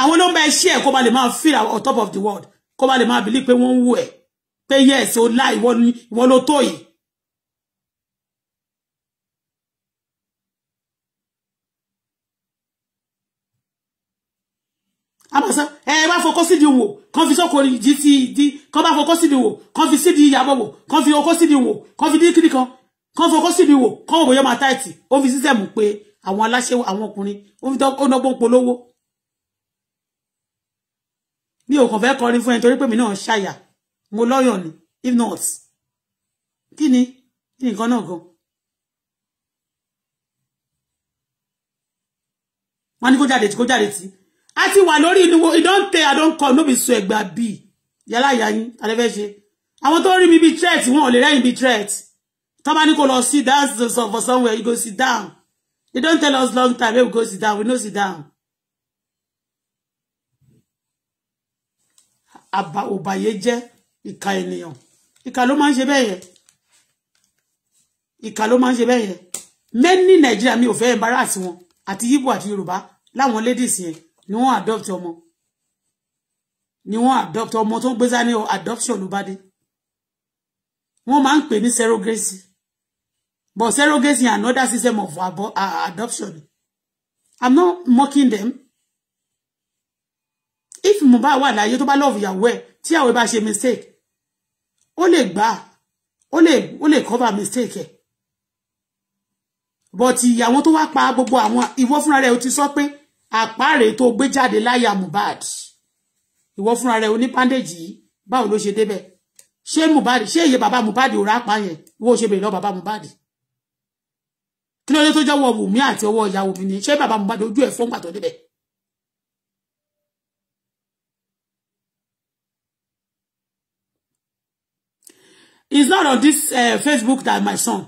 àwọn ló ń share kó ba lè máa feel on top of the world kó ba lè máa believe pé wọ́n ń wù ẹ́ yes o láì wọ́n ló tó yìí a máa sọ ẹ bá fọkọ sídìí wò kàn fi sọkò Di, ti ìdí kàn bá fọkọ sídìí wò kàn fi sídìí ìyàbọ̀ wò kàn fi ọkọ sídìí wò kàn fi díkìrì kan kàn fọkọ sídìí wò kàn òbòyọ máa táìtì ó fi sísẹ̀mù pé àwọn aláṣẹ àwọn ọkùnrin ó fi ọ̀nàgbọ́n polówó. mi ò kàn fẹ́ kọrin fún ẹ torí pé mi náà ṣàyà mo lọ́yọ̀ ni if not kí ni kí ni nǹkan náà gan. wọ́n ní kó jáde tí kó jáde tí a ti wà lórí ìdúwó ìdọ́ǹtẹ̀ àdọ́ǹkọ níbi sọ ẹ̀gbà bíi yálà ìyá yín alẹ́fẹ́ ṣe àwọn tó rí mi bíi threat wọn ò lè rẹ́yìn bíi threat tó bá ní kó lọ sit down for somewhere you go sit down You don tell us long time make we go sit down we no sit down. àbá òbàyé jẹ́ ìka ènìyàn ìka ló máa ń ṣe bẹ́ẹ̀ yẹn ìka ló máa ń ṣe bẹ́ẹ̀ yẹn many Nigeria mi ò fẹ́ embarrass wọn àti Yíbò àti Yorùbá láwọn ladies yẹn ni wọ́n adopt ọmọ ni wọ́n adopt ọmọ tó gbé sáni adoption ló bá dé wọ́n máa ń pè ní surrogacy but surrogacy and another system of adoption i'm not mocking them if Mohbad wà láyé tó bá love ìyàwó ẹ̀ tí ìyàwó ẹ̀ bá ṣe mistake ó lè gbà ó lè ó lè cover mistake ẹ̀ but ìyàwó tó wá pa gbogbo àwọn ìwọ fúnra rẹ̀ ó ti sọ pé àpáàrè tó gbé jáde láyà Mohbad ìwọ fúnra rẹ oní bandage yìí báwo ló ṣe débẹ̀ ṣé Mohbad ṣé iye bàbá Mohbad ò rápa yẹn ìwọ ṣe bèrè lọ bàbá Mohbad kí ló dé tó jọ̀wọ́ Wùmí àti ọwọ́ ìyá Wùmí ni ṣé bàbá Mohbad ojú ẹ̀ fún pàtó débẹ̀. it's not on this uh, Facebook that my son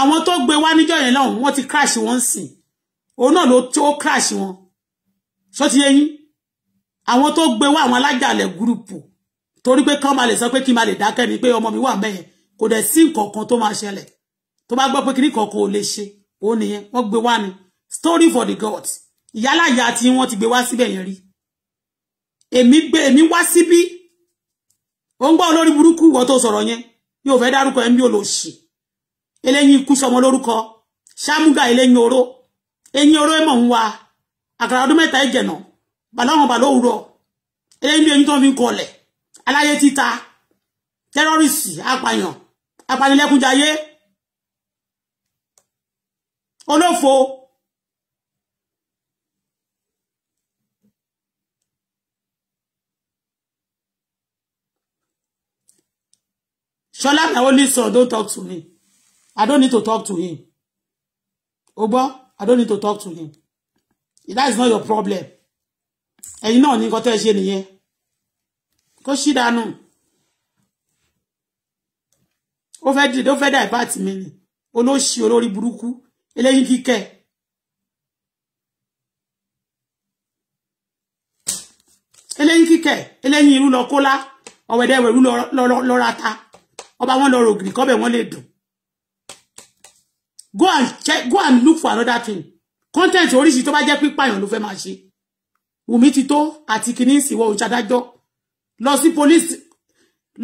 àwọn tó gbé wá níjọ́ yẹn lọ́hùn wọ́n ti crash wọ́n sìn òun náà ló tó crash wọn sọ ti yé yín to tó gbé wá àwọn alájàlẹ̀ gúrùpù torí pé kán le lè sọ pé kí n máa lè dákẹ́ ni pé ọmọ mi wà mẹ́yẹn kò dẹ̀ sí nǹkan kan tó máa ṣẹlẹ̀ tó bá gbọ́ pé kíní kankan ò lè ṣe ó nìyẹn wọ́n gbé wá ni story for the gods ìyálàyà tí wọ́n ti gbé wá síbẹ̀ yẹn rí èmi gbé èmi wá síbí ó ń gbọ́ olórí burúkú wọ́n tó sọ̀rọ̀ yẹn mi ò fẹ́ dárúkọ ẹ̀ ń bí olóṣì eléyìí ikú sọmọ lórúkọ ṣámúgà eléyìí oró eyín oró ẹ̀ mọ̀ ń wá àkàrà ọdún mẹ́ta ẹ̀jẹ̀ náà bàláwọn bàlá òwúrọ̀ eléyìí bí oyún tó fi ń kọlẹ̀ aláyé títa tẹ́rọ́rìsì apàyàn apanilẹ́kúnjayé olófo Shola, my only son, don't talk to me. I don't need to talk to him. Ogbon, I don't need to talk to him that is not your problem ẹ̀yin náà ní nǹkan tẹ́ ẹ ṣe nìyẹn kó ṣí dànù ó fẹ́ dìde ó fẹ́ dà ìbá tì mí ni olóṣì olórí burúkú eléyìí kíkẹ́ eléyìí kíkẹ́ eléyìí irú lọ kólá ọ̀wẹ̀dẹ̀wẹ̀rú lọ́ra ta ọba wọn lọ rògìrì kọ́bẹ̀ wọn lè dùn go and check go and look for another thing content oríṣi tó bá jẹ́ pípààyàn ló fẹ́ máa ṣe Wùmí ti tó àti kìíní ìsìnwọ̀ òṣàdájọ́ lọ sí police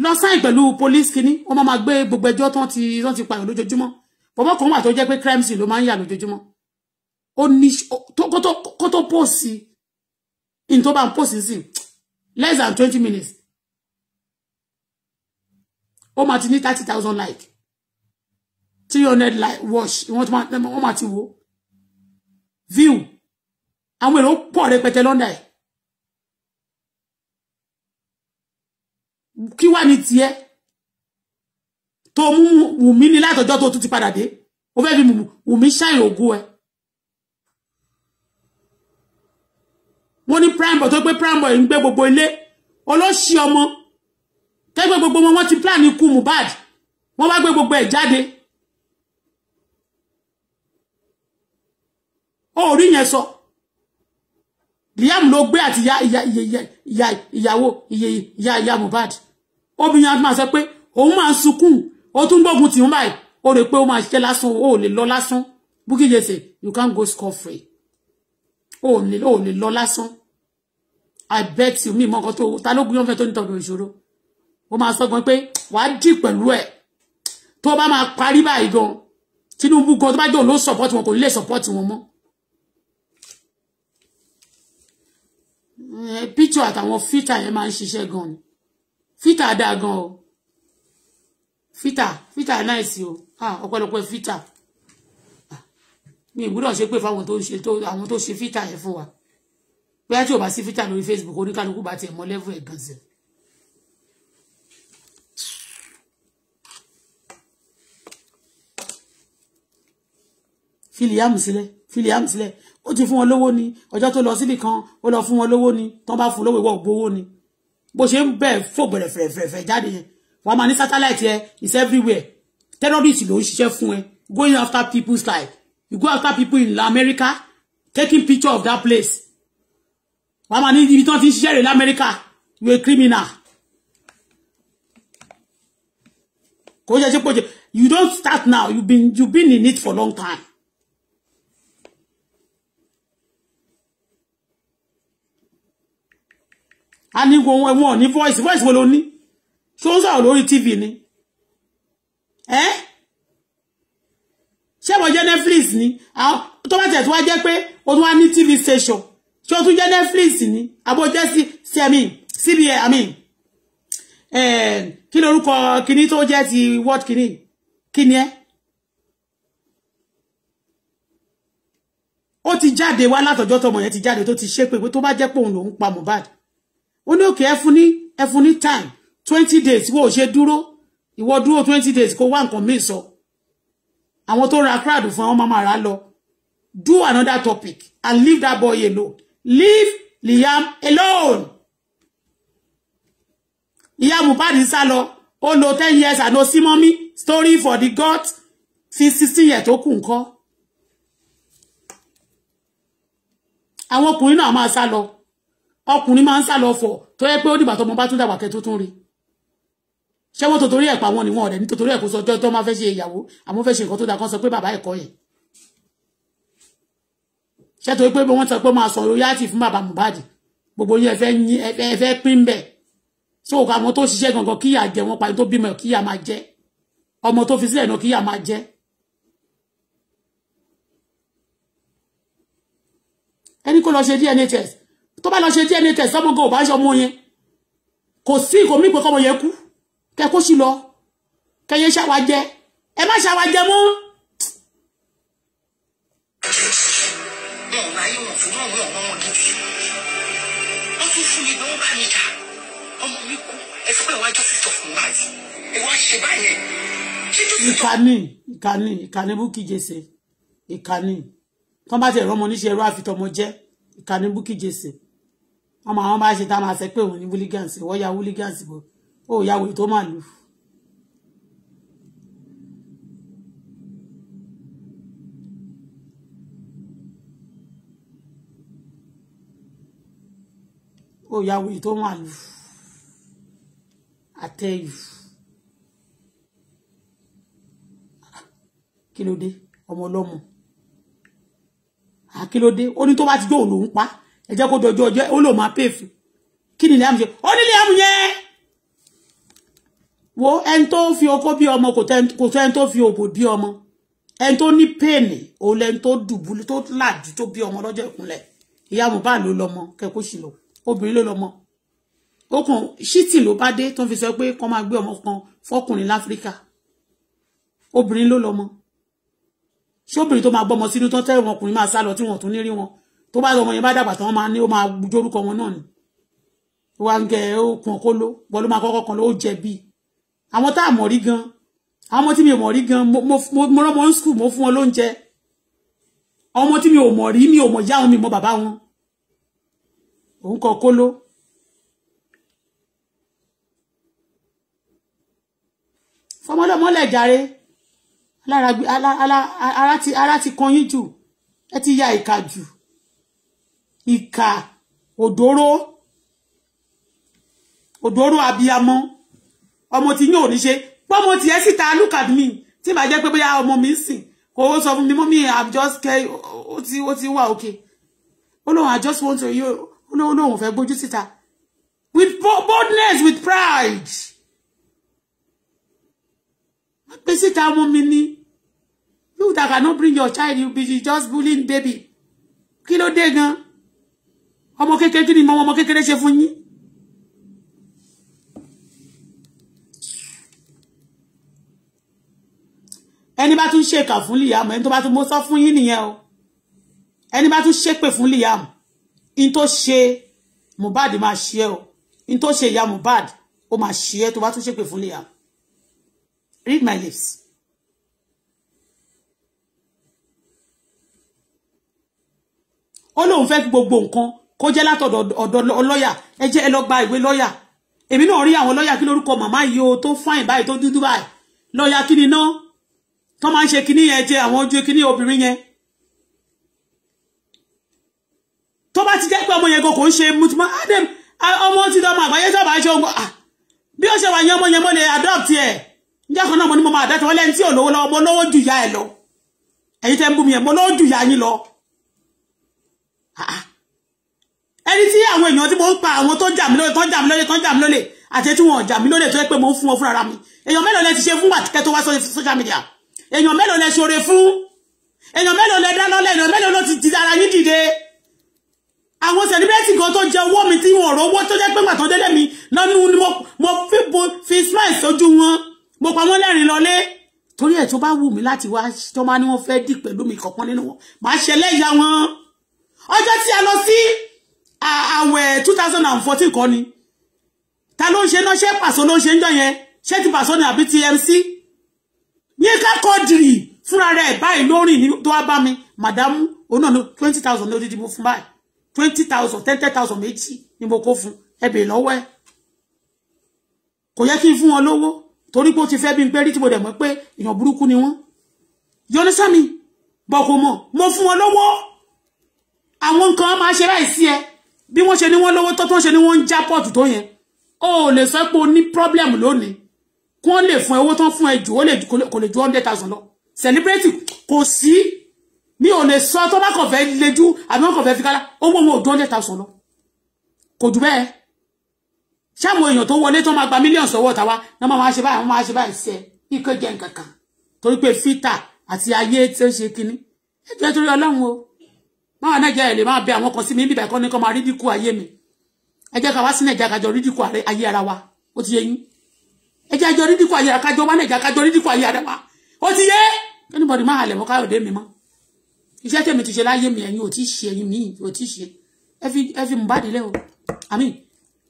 lọ sáì pẹ̀lú police kìíní wọ́n máa gbé gbogbo ẹjọ́ tán ti tán ti pààyàn lójoojúmọ́ bọ́bọ́ kan wà tó jẹ́ pé crime scene ló máa ń yà lójoojúmọ́ ó ní kó tó pòsì in tó bá ń pòsì sí less than twenty minutes ó máa ti ní thirty thousand like three hundred like watch wọ́n máa ti wò ó view àwọn èrò pọ̀ rẹpẹtẹ lọ́ndà ẹ̀ kí wá ní tiẹ̀ tó mú wùmí ní látọjọ́ tó tún ti padà dé ó fẹ́ fi wùmí ṣáìn ògo ẹ̀ wọ́n ní prime boy tó pé prime boy ń gbé gbogbo ilé olóṣì ọmọ tẹ́gbẹ́ gbogbo wọn wọ́n ti plan ikú Mohbad wọ́n wá gbé gbogbo ẹ̀ jáde ó rí yẹn sọ Liam ló gbé àti ìyàwó ìyá ya ya obìnrin àti máa sọ pé òun máa ń sunkún ó tún gbógun tì ń báyìí ó rè pé ó máa ṣiṣẹ́ lásán ó lè lọ lásán Bukky Jesse you can't go score free O lè ó lè lọ lásán I bet you mi mọ nǹkan to ta ló gbìyànjú fẹ́ tó nítorí ìṣòro ó máa sọ gan pé wàá dì pẹ̀lú ẹ̀ tó bá máa parí báyìí gan Tinubu gan tó bá jẹ́ òun support wọn kò lè support wọn mọ́. Eh, picture àtàwọn filter yẹn máa ń ṣiṣẹ́ gan ni filter dáa gan o filter filter nice o ah, ọ̀pọ̀lọpọ̀ filter ah, mi ìgbúdọ̀ ṣe pé fáwọn tó ń ṣe àwọn tó ṣe filter yẹn fún wa bóyá tí o bá sí filter lórí Facebook oníkálukú bá tiẹ̀ mọ́ level ẹ̀ gan sí i. filiam sílẹ̀ filiam sílẹ̀ ó ti fún wọn lówó ni ọjọ́ tó lọ síbì kan ó lọ fún wọn lówó ni tán bá fún lówó ìwọ gbowó ni bó ṣe ń bẹ̀ fò bẹ̀rẹ̀ fẹ̀rẹ̀fẹ̀rẹ̀ jáde yẹn wà á máa ní satellite yẹn is everywhere terrorist ló ń ṣiṣẹ́ fún ẹ going after people's life you go after people in America taking picture of that place wà á máa ní ibi tí wọ́n ti ń ṣiṣẹ́ rẹ̀ lamẹ́ríkà you a criminal. kò jẹ́ ṣe pé you don't start now you been you been in it for long time. a ní wọn wọn ní voice voice wo ló ní ṣó ń sọ̀rọ̀ lórí tv ni ẹ́ ṣé wọ́n jẹ́ netflix ni tó bá tẹ̀ tó wá jẹ́ pé o tún wá ní tv station ṣé o tún jẹ́ netflix ni àbó jẹ́ sí ẹ̀mí cbn àmì kí ni orúkọ kíní tó jẹ́ ti word kíní kíní ẹ́ ó ti jáde wá látọjọ́ tọmọ yẹn ti jáde tó ti ṣépè pé tó bá jẹ́ pé òun lòún pa Mohbad ó ní òkè ẹfun ní ẹfun ní time twenty days wo ò ṣe dúró ìwọ dúró twenty days kó wá nǹkan míì sọ àwọn tó ra crowd fún àwọn mama. rà lọ do another topic and leave that boy alone leave Liam alone Liam, Mohbad sá lọ ó lo ten years no see mommy. story for the god fi sixteen years tó kù ńkọ́ àwọn ọkùnrin náà máa sá lọ ọkùnrin máa ń sá lọ fọ tó yẹ pé ó dìgbà tọmọ bá tún dàgbà kẹ tó tún rí ṣé wọn tòtórí ẹpà wọn níwọn ọdẹ nítorí ẹkọ sọjọ tó máa fẹ́ ṣe ìyàwó àmọ́ fẹ́ ṣe nǹkan tó dáa kan sọ pé bàbá ẹkọ yẹn ṣé torí pé wọn sọ pé máa sọ royalty fún bàbá Mohbad gbogbo yín ẹfẹ yín ẹfẹ pín bẹ so òkà àwọn tó ṣiṣẹ́ gangan kíyà jẹ wọn parí tó bímọ kíyà máa jẹ ọmọ tó fi sílẹ̀ náà kíyà máa jẹ ẹni kó lọ ṣe DNA tó bá lọ ṣe DNA test ọmọ gan ò bá ṣọmọ yẹn kò sí kò mí pé kọ́mọ yẹn kú kẹ kó sì lọ kẹyẹ ṣàwà jẹ ẹ má ṣàwà jẹ mọ́. wọn ò ráyè wọn fún wọn wọn wọn gidi wọn tún fún mi ní wọn bá mi jà ọmọ mi kú ẹ sọ pé wọn ajọ wọn máa wọn bá ṣe tá a máa ṣe pé òun ní wúlígánsì wọ́n ya wúlígánsì bò ó ya wèrè tó máa lù. ó ya tó máa lù àtẹ̀yù kí ló dé ọmọ ọlọ́mọ àkílódé ó ní tó bá ti jó òun lòún pa á ẹ jẹ́ kó dojú ọjọ́ ó lò máa pè fún kí ni Liam ṣe ó ní Liam wo ẹni tó fi okó bí ọmọ kò tó ẹni tó fi òbò bí ọmọ ẹni tó ní pèèní òun lẹni tó dùbúlé tó làjú tó bí ọmọ lọ́jọ́ ìkúnlẹ̀ ìyá Mohbad ló lọ́mọ kẹ́kọ̀ọ́ sì lọ obìnrin ló lọ́mọ ó kàn ṣítì ló bá dé tó fi sọ pé kọ́ máa gbé ọmọ kan fọkùnrin láfíríkà obìnrin ló lọ́mọ ṣé obìnrin tó máa gbọ́mọ sínú tán tẹ́rù ọkùnrin máa sá lọ tí wọ́n tún ní rí wọn tó bá ọmọ yẹn bá dàgbà tán máa ní ó máa jórúkọ wọn náà ni ó wá ń gẹ ó kàn kó ló wọn ló máa kọ́kọ́ kan ló ó jẹ̀bi àwọn tá a mọ̀ rí gan àwọn ọmọ tí mi ò mọ̀ rí gan mo rán wọn skul mo fún wọn lóúnjẹ ọmọ tí mi ò mọ̀ rí mi ò mọ̀ ìyá wọn mi mọ̀ bàbá wọn òun kọ kó ló. fọmọlọmọlẹ jàre alára ara ti kan yín jù ẹ ti ya ìka jù ìkà òdòró òdòró abiyamọ ọmọ tí yóò ní ṣe pọ́mọ tí ẹ síta look at me tí bá jẹ́ pé bóyá ọmọ mi ń sìn kò ó sọ fún mi mọ́mí i'm just care ó ti ó ti wà òkè ó i just want to yí ó lóun fẹ́ gbójú síta with boldness with pride wọ́n pe síta ọmọ mi ni you that cannot bring your child you be just bullying baby kí ló dé gan-an ọmọ kékeré kí ni ọmọ kékeré ṣe fún yín ẹni bá tún ṣèkà fún Liam ẹni tó bá tún mọ sọ fún yín nìyẹn o ẹni bá tún ṣépè fún Liam in tó ṣe Mohbad máa ṣe o in tó ṣe ìyá Mohbad ó máa ṣe é tó bá tún ṣépè fún Liam read my lips. ó lóun fẹ́ gbogbo nǹkan kó jẹ́ látọ̀dọ̀ ọ̀dọ̀ lọ́yà ẹ jẹ́ ẹ lọ gba ìwé lọ́yà èmi náà rí àwọn lọ́yà kí lórúkọ màmá yìí o tó fáìn báyìí tó dúdú báyìí lọ́yà kí ni náà tó máa ń ṣe kíní yẹn jẹ àwọn ojú kíní obìnrin yẹn tó bá ti jẹ́ pé ọmọ yẹn kò kò ń ṣe mutumọ́ adam ọmọ ti dọ́mọ àgbáyé tó bá ṣe ohun ah, bí ó ṣe wà yẹn ọmọ yẹn mo lè adopt ẹ̀ ǹjẹ́ kan náà mo ní mo máa dájọ́ lẹ́ni tí ò lówó lọ́wọ́ mo lówó jù ya ẹ̀ lọ ẹ̀yin tẹ́ ń mi ẹ̀ mo lówó jù ya yín lọ ah, ah ẹni tí àwọn èèyàn tí mo ń pa àwọn tó ń jà mí lólè tó ń jà mí lólè tó ń jà mí lólè àti tí wọn jà mí lólè tó yẹ pé mo ń fún wọn fúnra mi èèyàn mélòó lẹ ti ṣe fún wàtíkẹ́ tó wá sórí social media èèyàn mélòó lẹ ṣoore fún èèyàn mélòó lẹ dáná lẹ èèyàn mélòó ló ti di ara yín dìde àwọn sẹlẹbírẹtì kan tó jẹ owó mi tí wọn rọ owó tó jẹ pé gbàtàn délé mi lọ́nu ni mo fi bo fi smile sójú wọn mo pa wọn lẹ́rìn lọlé torí ẹ̀ tó bá wù mí láti wá tó máa ní wọn fẹ́ dì pẹ̀lú mi kọ̀ọ̀kan nínú wọn màá ṣẹlẹ́yà wọn ọjọ́ tí a lọ sí àwẹ̀ two thousand and fourteen kọ́ ni ta ló ń ṣe náà ṣé pàṣọ ló ń ṣe ń jọ yẹn ṣé ti pàṣọ ni àbí ti MC Yínká Quadri fúnra rẹ̀ báyìí lórí ni tó wá bá mi màdámù òun ní twenty thousand ní odidi mo fún báyìí twenty thousand ten ten thousand méjì ni mo kó fún ẹbẹ̀ lọ́wọ́ ẹ̀ kò yẹ kí n fún wọn lówó torí pé ó ti fẹ́ bí n pé rí tí mo dẹ̀ mọ́ pé èèyàn burúkú ni wọ́n yọ́nú sẹ́mi bọ̀ kò mọ̀ mo fún wọn lówó àwọn nǹkan máa ṣe láìsí ẹ bí wọ́n ṣe ní wọ́n lówó tó tó ń ṣe ní wọ́n ń já pọ̀tù tó yẹn o ò lè sọ pé o ní problem lónìí kí wọ́n lè fún ẹ owó tán fún ẹ jù ó lè kò lè ju hundred thousand lọ celebrate kò sí mi ò lè sọ tó bá kàn fẹ́ lejú àbí wọ́n kàn fẹ́ fi kálá owó wọn ò ju hundred thousand lọ kò jù bẹ́ẹ̀ ṣáwọn èèyàn tó wọlé tó máa gba mílíọ̀nù sọ́wọ́ tàwa náà máa ṣe báyìí máa ṣe báyìí ṣe ikọ̀ jẹ́ nǹkan kan torí pé fítà àti ayé tí ó ṣe kinní ẹjọ́ torí ọlọ́run o ma náà jẹ́ ẹ̀ lè máa bẹ àwọn kan sí mi níbi ìbàkọ́ ní kan máa rí dínkù ayé mi ẹ jẹ́ ká wá sí nàìjíríà kájọ rí dínkù ayé ara wa ó ti yé yín ẹ jẹ́ àjọ rí dínkù ayé ara kájọ wá nàìjíríà kájọ rí dínkù ayé ara wa ó ti yé anybody máa halẹ̀ mọ́ káyọ̀dé mi mọ́ iṣẹ́ tèmi ti ṣe láyé mi ẹ̀yin ò tí ṣe ẹ̀yin mi ò tí ṣe ẹ fi Mohbad lẹ́ o àmì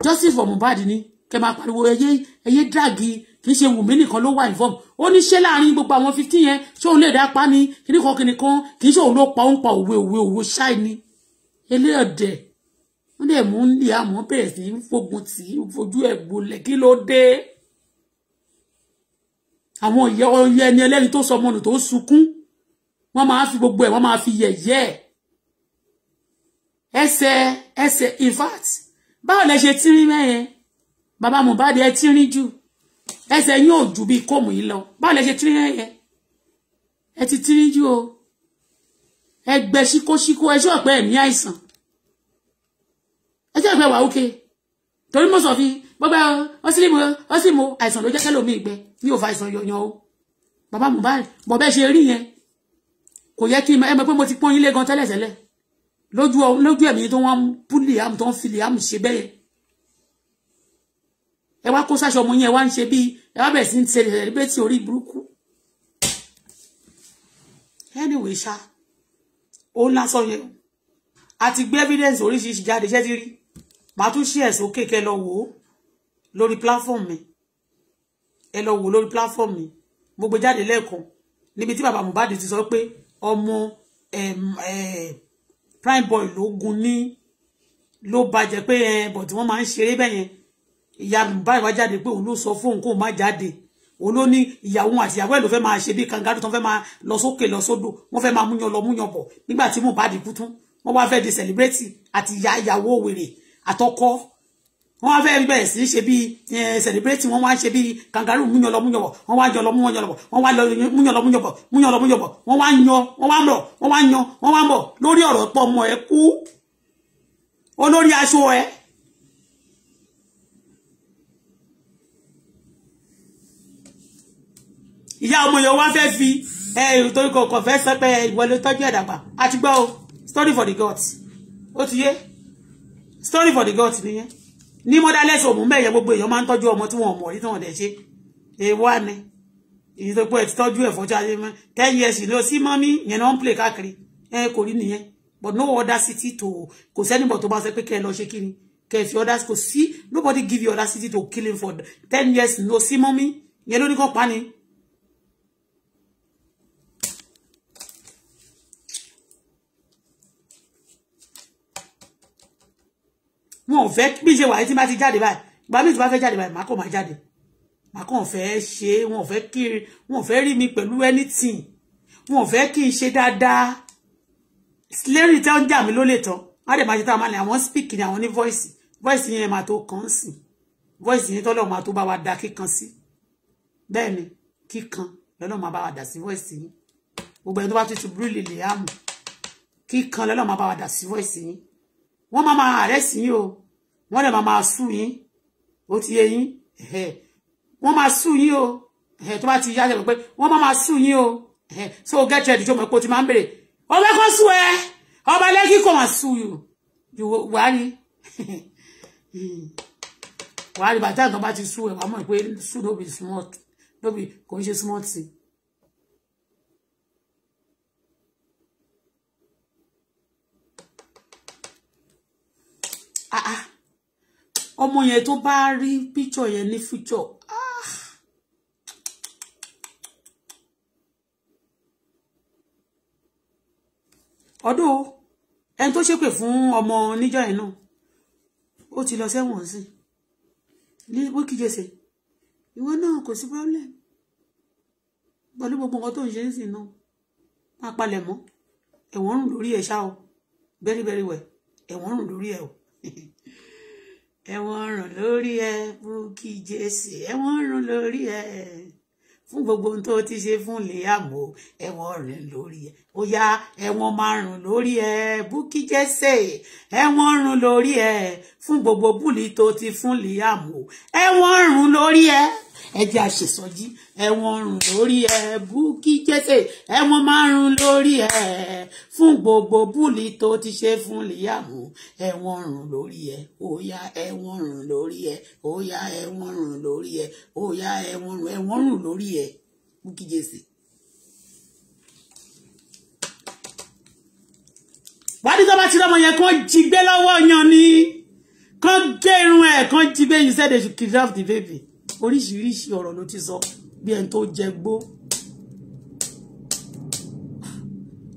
justice for Mohbad ni kẹ máa pariwo ẹyẹ ẹyẹ dragi kì í ṣe wùmí nìkan ló wà involve ó ní ṣé láàrin gbogbo àwọn fifteen yẹn ṣé òun lè dá pa ni kíní kan kíní kan kì í ṣe òun ló pa òun pa òwe òwe òwe ṣáì ni eléyọ̀dẹ̀ wọ́n dẹ̀ mú ní àmọ́ bẹ̀rẹ̀ sí fogun tì í fojú ẹ̀ gbolẹ̀ kí ló dé àwọn ìyá ọyọ ẹni ẹlẹ́ni tó sọ mọ́nù tó sunkún wọ́n máa fi gbogbo ẹ̀ wọ́n máa fi yẹ̀yẹ́ ẹ̀ ẹsẹ̀ ẹsẹ̀ in fact báwo lẹ ṣe tírín mẹ́yẹn bàbá Mohbad ẹ tírín jù ẹsẹ̀ yín ò ju bíi kóòmù yìí lọ báwo lẹ ṣe tírín ẹyẹ ẹ ti tírín yí o ẹgbẹ́ ṣíkóṣíkó ẹ ṣe ọ̀pẹ ẹ̀mí àìsàn ẹ ṣe ọ̀pẹ wà ókè torí mo sọ fi gbọ́gbẹ́ ọ́sílìmù ọ́sílìmù àìsàn ló jẹ́ kẹ́lòmí ìgbẹ ní òfa àìsàn yọ̀yàn o bàbá Mohbad bọ̀ bẹ́ẹ̀ ṣe rí yẹn kò yẹ kí ẹ mọ̀ pé mo ti pọ́n yín lé gan tẹ́lẹ̀tẹ́lẹ̀ lójú ẹ̀mí tó wọ́n búlì àmì tó ń filì àmì ṣe bẹ́yẹn ẹ wá kó sáṣọ ọmọ yín ẹ wá ń ṣe bí ẹ wá bẹ̀rẹ̀ sí ń celebrate orí burúkú anyway sha òun lásán yẹn a ti gbé evidence oríṣiríṣi jáde ṣẹ́ ti rí màá tún ṣí ẹ̀sùn kéèké lọ wò ó lórí platform mi ẹ lọ wò lórí platform mi mo gbé jáde lẹ́ẹ̀kan níbi tí bàbá Mohbad ti sọ pé ọmọ prime boy ló gun ní ló bàjẹ́ pé ẹ bọ̀ tí wọ́n máa ń ṣeré ìyá báyìí wá jáde pé òun ló sọ fóun kóun má jáde òun ló ní ìyàwó àti ìyàwó ẹ̀ ló fẹ́ máa ṣe bí kangaroo tó fẹ́ máa lọ sókè lọ sódò wọ́n fẹ́ máa múyan lọ múyan bọ̀ nígbà tí Mohbad kú tún wọ́n wá fẹ́ di celebrate àti ìyá ìyàwó wèrè àtọkọ wọ́n wá fẹ́ bẹ̀rẹ̀ sí ṣe bí celebrate wọ́n wá ṣe bí kangaroo múyan lọ múyan bọ̀ wọ́n wá jọ lọ múyan lọ bọ̀ wọ́n wá múyan lọ múyan bọ̀ múyan lọ múyan bọ̀ wọ́n wá yan wọ́n wá yan wọ́n wá mọ̀ lórí ọ̀rọ̀ pọ̀ ọmọ ẹ kú olórí aṣọ ẹ ìyá ọmọ yẹn wá fẹ́ fi ẹ torí kò kò fẹ́ sọ pé ìwọ ló tọ́jú ẹ̀dàgbà àti gbọ́ o story for the gods ó ti yé story for the gods nìyẹn ní motherless home mẹ́yẹ gbogbo èèyàn máa ń tọ́jú ọmọ tí wọ́n mọ̀ rí tí wọ́n dẹ̀ ṣe èèwọ̀ ni èyí tó pẹ́ ti tọ́jú ẹ̀ fọ́jú ayé mọ́ ten years ló sí mọ́mí yẹn náà ń play káàkiri ẹ kò rí nìyẹn but no city to kò sẹ́nìbọ̀ tó bá sọ pé kẹ́ ẹ lọ ṣe kí ni kẹ́ ẹ fi others kò sí nobody give you city to kill him for ten years ló sí mọ́mí yẹn ló ní kọ́ pa ni kàn fẹ́ bí ṣe wà tí bá ti jáde báyìí ìgbà míì tí bá fẹ́ jáde báyìí màá kàn máa jáde màá kàn fẹ́ ṣe wọn ò fẹ́ kiri wọn ò fẹ́ rí mi pẹ̀lú anything wọn ò fẹ́ kí n ṣe dáadáa lérìn tẹ́ ń jà mí ló lè tán wọ́n á dẹ̀ máa ṣe táwọn máa ní àwọn speak ní àwọn ní voice voice yẹn máa tó kàn sí voice yẹn tọ́lọ́ máa tó bá wa da kíkan sí bẹ́ẹ̀ ni kíkan lọ́nà máa bá wa dà sí voice yẹn gbogbo ẹni to bá tún ti búrú lè lè àmù kíkan lọ́nà máa bá wa dà sí voice yẹn wọ́n máa máa arrest yín o wọ́n lè máa sú yín ó ti yé yín wọ́n máa sú yín o tó bá ti yá jẹ́ pé wọ́n máa sú yín o so get ready tó mọ̀ pé o ti máa ń bèrè ọbẹ̀ kan sú ẹ ọba lẹ́kì kò máa sú yù wà á wà á bàtà tó bá ti sú ẹ wà á mọ̀ pé sú lóbi smart lóbi kò ń ṣe smart sí i. ah ah ọmọ yẹn tó bá rí picture yẹn ní future ah ọdún ẹni tó ṣépè fún ọmọ níjọ́ yẹn náà ó ti lọ sẹ́wọ̀n sí ní wíkìjẹsẹ̀ ìwọ náà kò sí problem pẹ̀lú gbogbo nǹkan tó ń ṣe ń sìn náà máa palẹ̀ mọ́ ẹ̀wọ̀n rùn lórí ẹ̀ ṣá o very very well ẹ̀wọ̀n rùn lórí ẹ̀ o. ẹ̀wọ̀n rùn lórí ẹ Bukky Jesse ẹ̀wọ̀n rùn lórí ẹ fún gbogbo ohun tó ti ṣe fún Liam o ẹ̀wọ̀n rùn lórí ẹ ó yá ẹ̀wọ̀n máa rùn lórí ẹ Bukky Jesse ẹ̀wọ̀n rùn lórí ẹ fún gbogbo búlì tó ti fún Liam o ẹ̀wọ̀n rùn lórí ẹ ẹ jẹ́ àṣesọjí ẹ̀wọ̀n ọrùn lórí ẹ Bukky Jesse ẹ̀wọ̀n márùn lórí ẹ fún gbogbo búlì tó ti ṣe fún Liam ẹ̀wọ̀n ọrùn lórí ẹ óyá ẹ̀wọ̀n ọrùn lórí ẹ óyá ẹ̀wọ̀n ọrùn lórí ẹ óyá ẹ̀wọ̀n ọrùn ẹ̀wọ̀n ọrùn lórí ẹ Bukky Jesse. wádìí tó bá ti lọ́mọ yẹn kó jí gbé lọ́wọ́ yan ni kó gé irun ẹ̀ kó jí you said they should kidnap the baby oríṣiríṣi ọ̀rọ̀ ló ti sọ bí ẹni tó jẹ gbó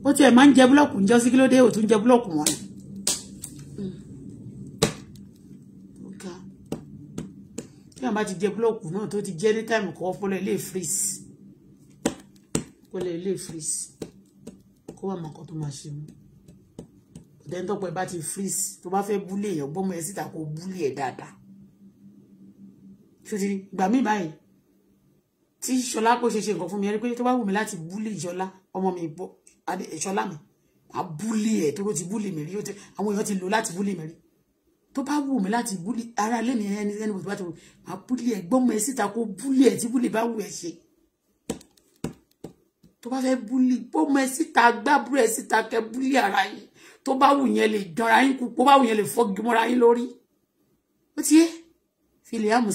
ó tiẹ̀ máa ń jẹ búlọ́ọ̀kù ń jọ sí kí ló dé ó tún jẹ búlọ́ọ̀kù wọn. tí wọn bá ti jẹ búlọ́ọ̀kù náà tó ti jẹ́ ní táìmù kọ́ fọ́lọ́ ilé freeze fọ́lọ́ ilé freeze kó wà mọ̀ọ́kọ́ tó máa ṣe mú ọ̀dẹ́ńtọ́pọ̀ ẹ bá ti freeze tó bá fẹ́ búlé èèyàn gbọ́mọ ẹ síta kó búlé ẹ dáadáa ṣòtì gbà mí báyìí tí ṣọlá kò ṣe ṣe nǹkan fún mi ẹni pé tó bá wù mí láti búlì ìṣọlá ọmọ mi bọ ìṣọlá mi a búlì ẹ tó ti búlì mi rí àwọn èèyàn ti lò láti búlì mi rí tó bá wù mí láti búlì ara lé mi ẹni ẹni bó ti bá ti wù mí búlì ẹ gbọ́mọ ẹ síta kó búlì ẹ tí búlì bá wù ẹ ṣe tó bá fẹ́ búlì gbọ́mọ ẹ síta gbábúrò ẹ síta kẹ búlì ara yín tó bá wù yẹn lè dánra yín kú tó bá wù yẹn lè fọ́ gímọ́ra yín lórí ó ti yé fi lè hàmù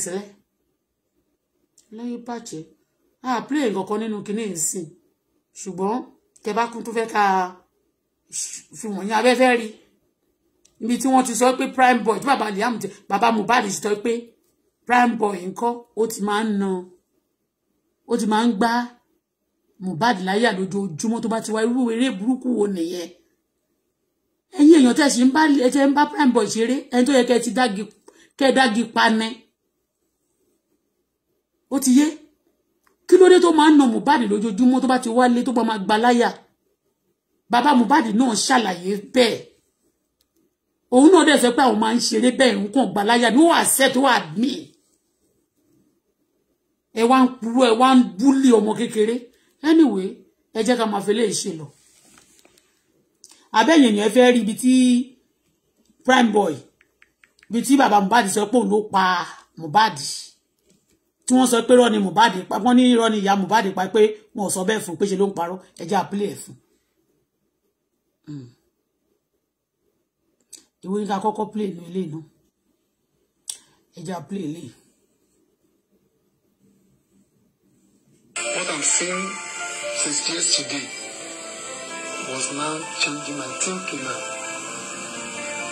láyé bàjẹ́ a play nǹkan kan nínú kinní yìí sìn ṣùgbọ́n tẹ bá kún tó fẹ́ ká fi wọ̀nyí abẹ́fẹ́ rí ibi tí wọ́n ti sọ pé prime boy tí bàbá Liam jẹ bàbá Mohbad ti sọ pé prime boy nǹkan ó ti máa ń na ó ti máa ń gbá Mohbad láyà lójoojúmọ́ tó bá ti wá irú eré burúkú wo nìyẹn ẹ̀yin èèyàn tẹ̀sí ń bá ń bá prime boy ṣeré ẹni tó yẹ kẹ́ ti dági kẹ́ dági panẹ́ ó ti yé kí ló dé tó máa ń nà Mohbad lójoojúmọ́ tó bá ti wálé tó bá máa gba láyà bàbá Mohbad náà ṣàlàyé bẹ́ẹ̀ òun náà dẹ̀ sọ pé àwọn máa ń ṣeré bẹ́ẹ̀ ń kàn gba láyà ni ó wà tó wà mí ẹ wá ń purú ẹ wá ń búlì ọmọ kékeré anyway ẹ jẹ́ ká máa fi lè ṣe lọ abẹ́yẹn yẹn fẹ́ rí ibi tí prime boy ibi tí bàbá Mohbad sọ pé òun ló pa Mohbad tí wọ́n sọ pé irọ́ ni Mohbad pa wọ́n ní irọ́ ni ìyá Mohbad pa pé wọn sọ bẹ́ẹ̀ fún pé ṣe ló ń parọ́ ẹjẹ́ àpilẹ̀ ẹ̀ ìwé hmm. ní ká kọ́kọ́ play inú ilé inú ẹjẹ́ àpilẹ̀ ilé. What I'm saying since yesterday was now changing my thinking now.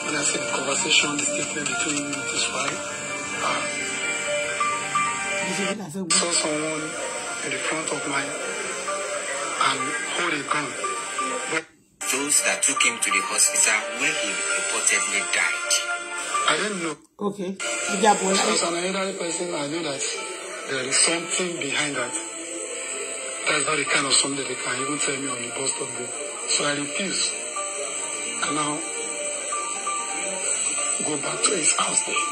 When I see the conversation, the statement between this wife. Uh, saw someone in the front of mine and hold a gun. Those that took him to the hospital where he reportedly died. I didn't know. Okay. Yeah, boy. As an elderly person, I knew that there is something behind that. That's not the kind of something they can even tell me on the bus stop there. So I refuse. And now go back to his house there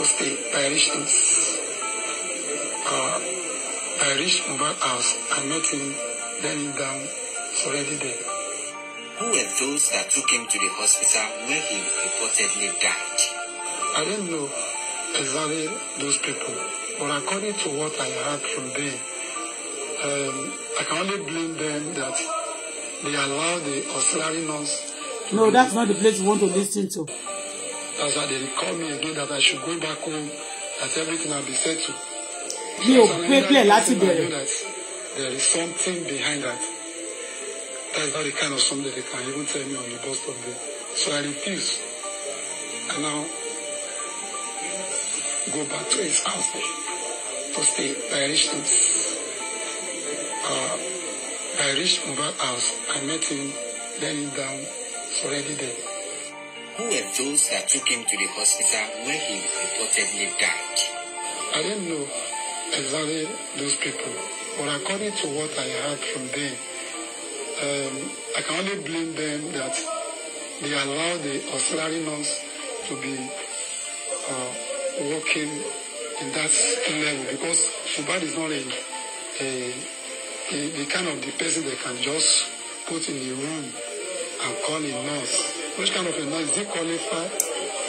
to stay by his distance. Uh, I reached Mobile House and met him laying down, already dead. Who were those that took him to the hospital where he reportedly died? I don't know exactly those people, but according to what I heard from them, um, I can only blame them that they allowed the auxiliary nurse. No, that's not the place you want to listen to. That's why they called me again that I should go back home, that everything will be settled mi ò gbé plẹ̀ láti bẹ̀rẹ̀. There is something behind that. That not the kind of somebody they can even tell me on the bus stop there. So I refuse. And now go back to his house to stay. I reached him. Uh, I reached Mubarak's house. I met him, laying down, already dead. Who were those that took him to the hospital where he reportedly died? I didn't know examine those people. But according to what I heard from them, um, I can only blame them that they allow the auxiliary nuns to be uh, working in that level because Mohbad is not a, a, a the kind of the person they can just put in the room and call a nurse. Which kind of a nurse is he qualified?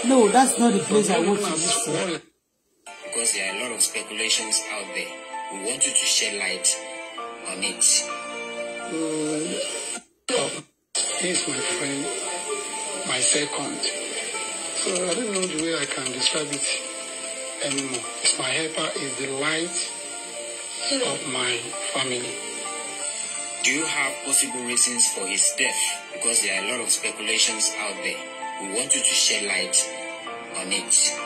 No, that's not the place I want to use because there are a lot of speculations out there. We want you to shed light on it. Mm, he's my friend, my second. So I don't know the way I can describe it anymore. It's my helper, is the light of my family. Do you have possible reasons for his death? Because there are a lot of speculations out there. We want you to shed light on it.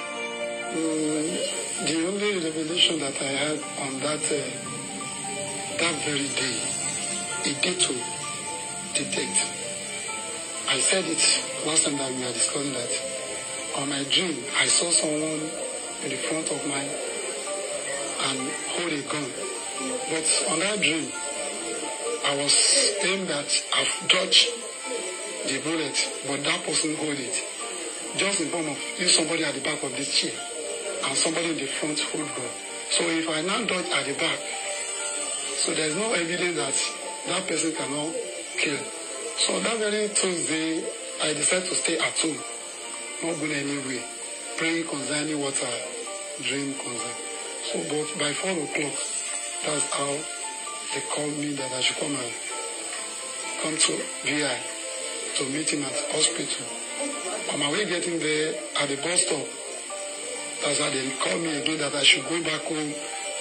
Mm, the only revelation that I had on that uh, that very day, it did to detect. I said it last time that we were discussing that. On my dream, I saw someone in the front of mine and hold a gun. But on that dream, I was saying that I've dodged the bullet, but that person hold it. Just in form of if somebody at the back of this chair and somebody in the front hold ball. So if I now dodge at the back, so there's no evidence that that person cannot kill. So that very Tuesday, I decided to stay at home, not going anywhere, praying concerning what I dream concerning. So, but by four o'clock, that's how they called me that I should come and come to VI to meet him at hospital. On my way getting there, at the bus stop, That's they call me again that I should go back home,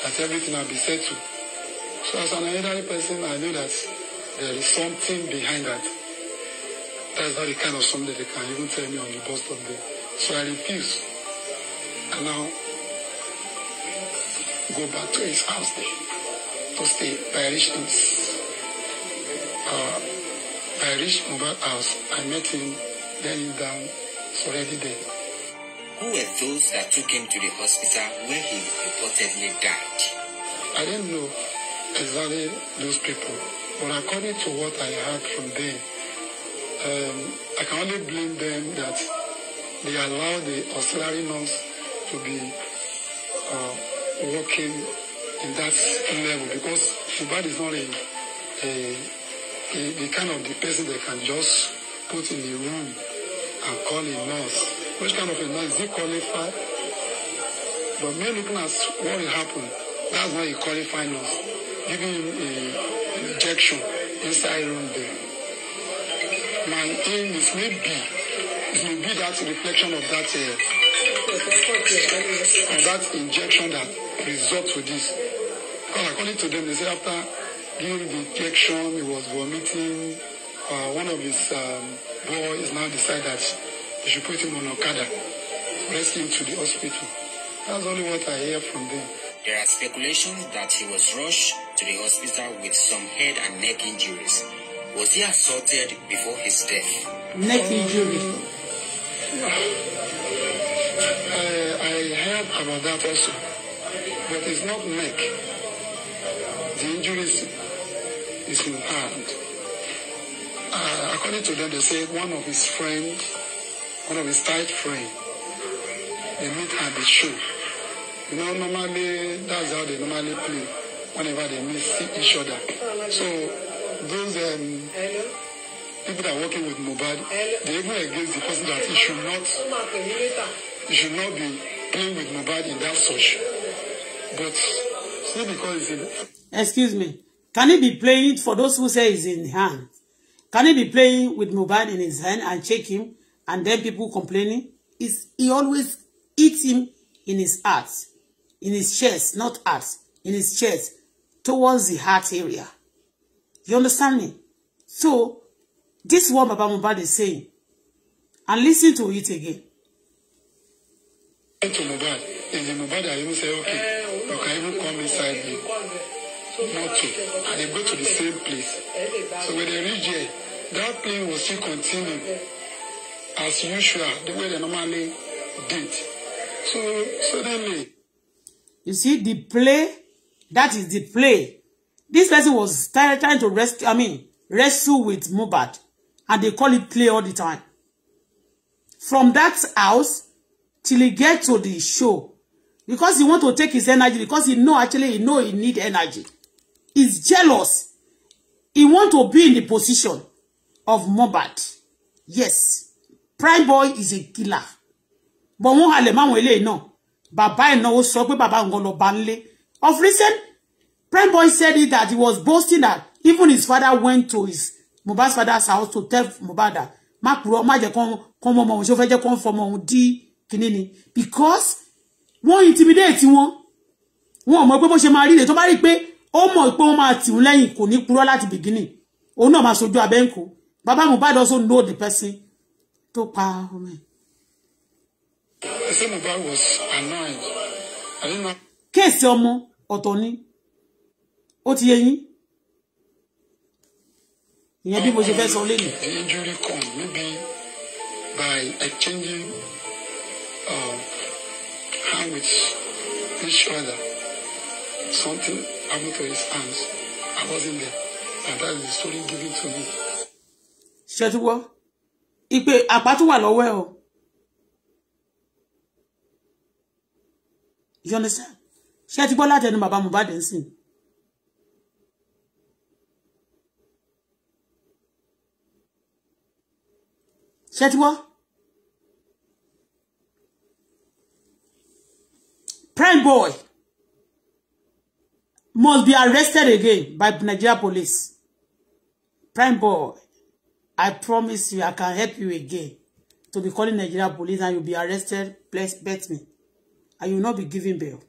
that everything will be settled. So as an elderly person, I know that there is something behind that. That's not the kind of something that they can even tell me on the bus stop there. So I refuse. And now go back to his house there to stay by Richmond's. Uh, I reached Mubarak's house. I met him, then down, down, already there who were those that took him to the hospital where he reportedly died? I don't know exactly those people, but according to what I heard from them, um, I can only blame them that they allowed the auxiliary nurse to be uh, working in that level because Mohbad is not a, a, a the kind of the person that can just put in the room and call a nurse which kind of a man is he qualified? But men looking at what will happen, that's why he qualified us, giving him a injection inside room there. My aim is maybe it may be that reflection of that uh, and that injection that result to this. Because according to them, they say after giving the injection, he was vomiting. Uh, one of his um, boys now decided that They should put him on Okada, rescue him to the hospital. That's only what I hear from them. There are speculations that he was rushed to the hospital with some head and neck injuries. Was he assaulted before his death? Neck injury. I, I heard about that also. But it's not neck. The injuries is in hand. Uh, according to them, they say one of his friends One of his tight friends, they meet at the show. You know, normally that's how they normally play whenever they meet each other. So those um, people that are working with Mubad, they even against the person that he should not, he should not be playing with Mubad in that such. But still because he's in. Excuse me. Can he be playing for those who say he's in hand? Can he be playing with Mubad in his hand and check him? and then people complaining is he always hit him in his heart in his chest not heart in his chest towards the heart area you understand me so this is what Baba Mubad, is saying and listen to it again. to Mubad, is the Mubad, I even say okay you can even come inside me not to and they go to the same place so when they reach there that pain will still continue as usual, the way they normally did. So suddenly. You see, the play, that is the play. This person was trying to rescue, I mean, wrestle with Mohbad. And they call it play all the time. From that house till he get to the show. Because he want to take his energy. Because he know, actually, he know he need energy. He's jealous. He want to be in the position of Mohbad. Yes prime boy is a killer but wọ́n halẹ̀ máwọn eléyìí náà bàbá ẹ̀ náà ó sọ pé bàbá nǹkan lọ bá ń lé of recent prime boy said it that he was boasting that even his father went to his Mohbad's father's house to tell Mohbad that má kúrò má jẹ́ kán kán mọ ọmọ òun ṣó fẹ́ jẹ́ kán fọmọ òun ni because wọ́n intimidate wọn wọn ò mọ̀ pé bó ṣe máa rí rè tó bá rí pé ó mọ̀ pé wọ́n máa tì ń lẹ́yìn kò ní kúrò láti beginning òun náà máa sojú abẹ́ǹkó bàbá Mohbad also know the person tó pa ọmọ ẹ̀. kéèsì ọmọ ọ̀tọ̀ ni ó ti yẹ yín ìyẹn bí mo ṣe fẹ́ sọ lẹ́nu. by exchanging uh, hand each other something happened to his hands I wasn't there and that is the story given to me. ṣé tí ipe àpá tún wà lọ́wọ́ ẹ̀ o you understand ṣé ẹ ti gbọ́ láti ẹnu bàbá Mohbad ń sìn ṣé ti wọ́ prime boy must be arrested again by Nigeria police prime boy I promise you, I can help you again to be calling Nigeria police and you'll be arrested. Please bet me. And you'll not be giving bail.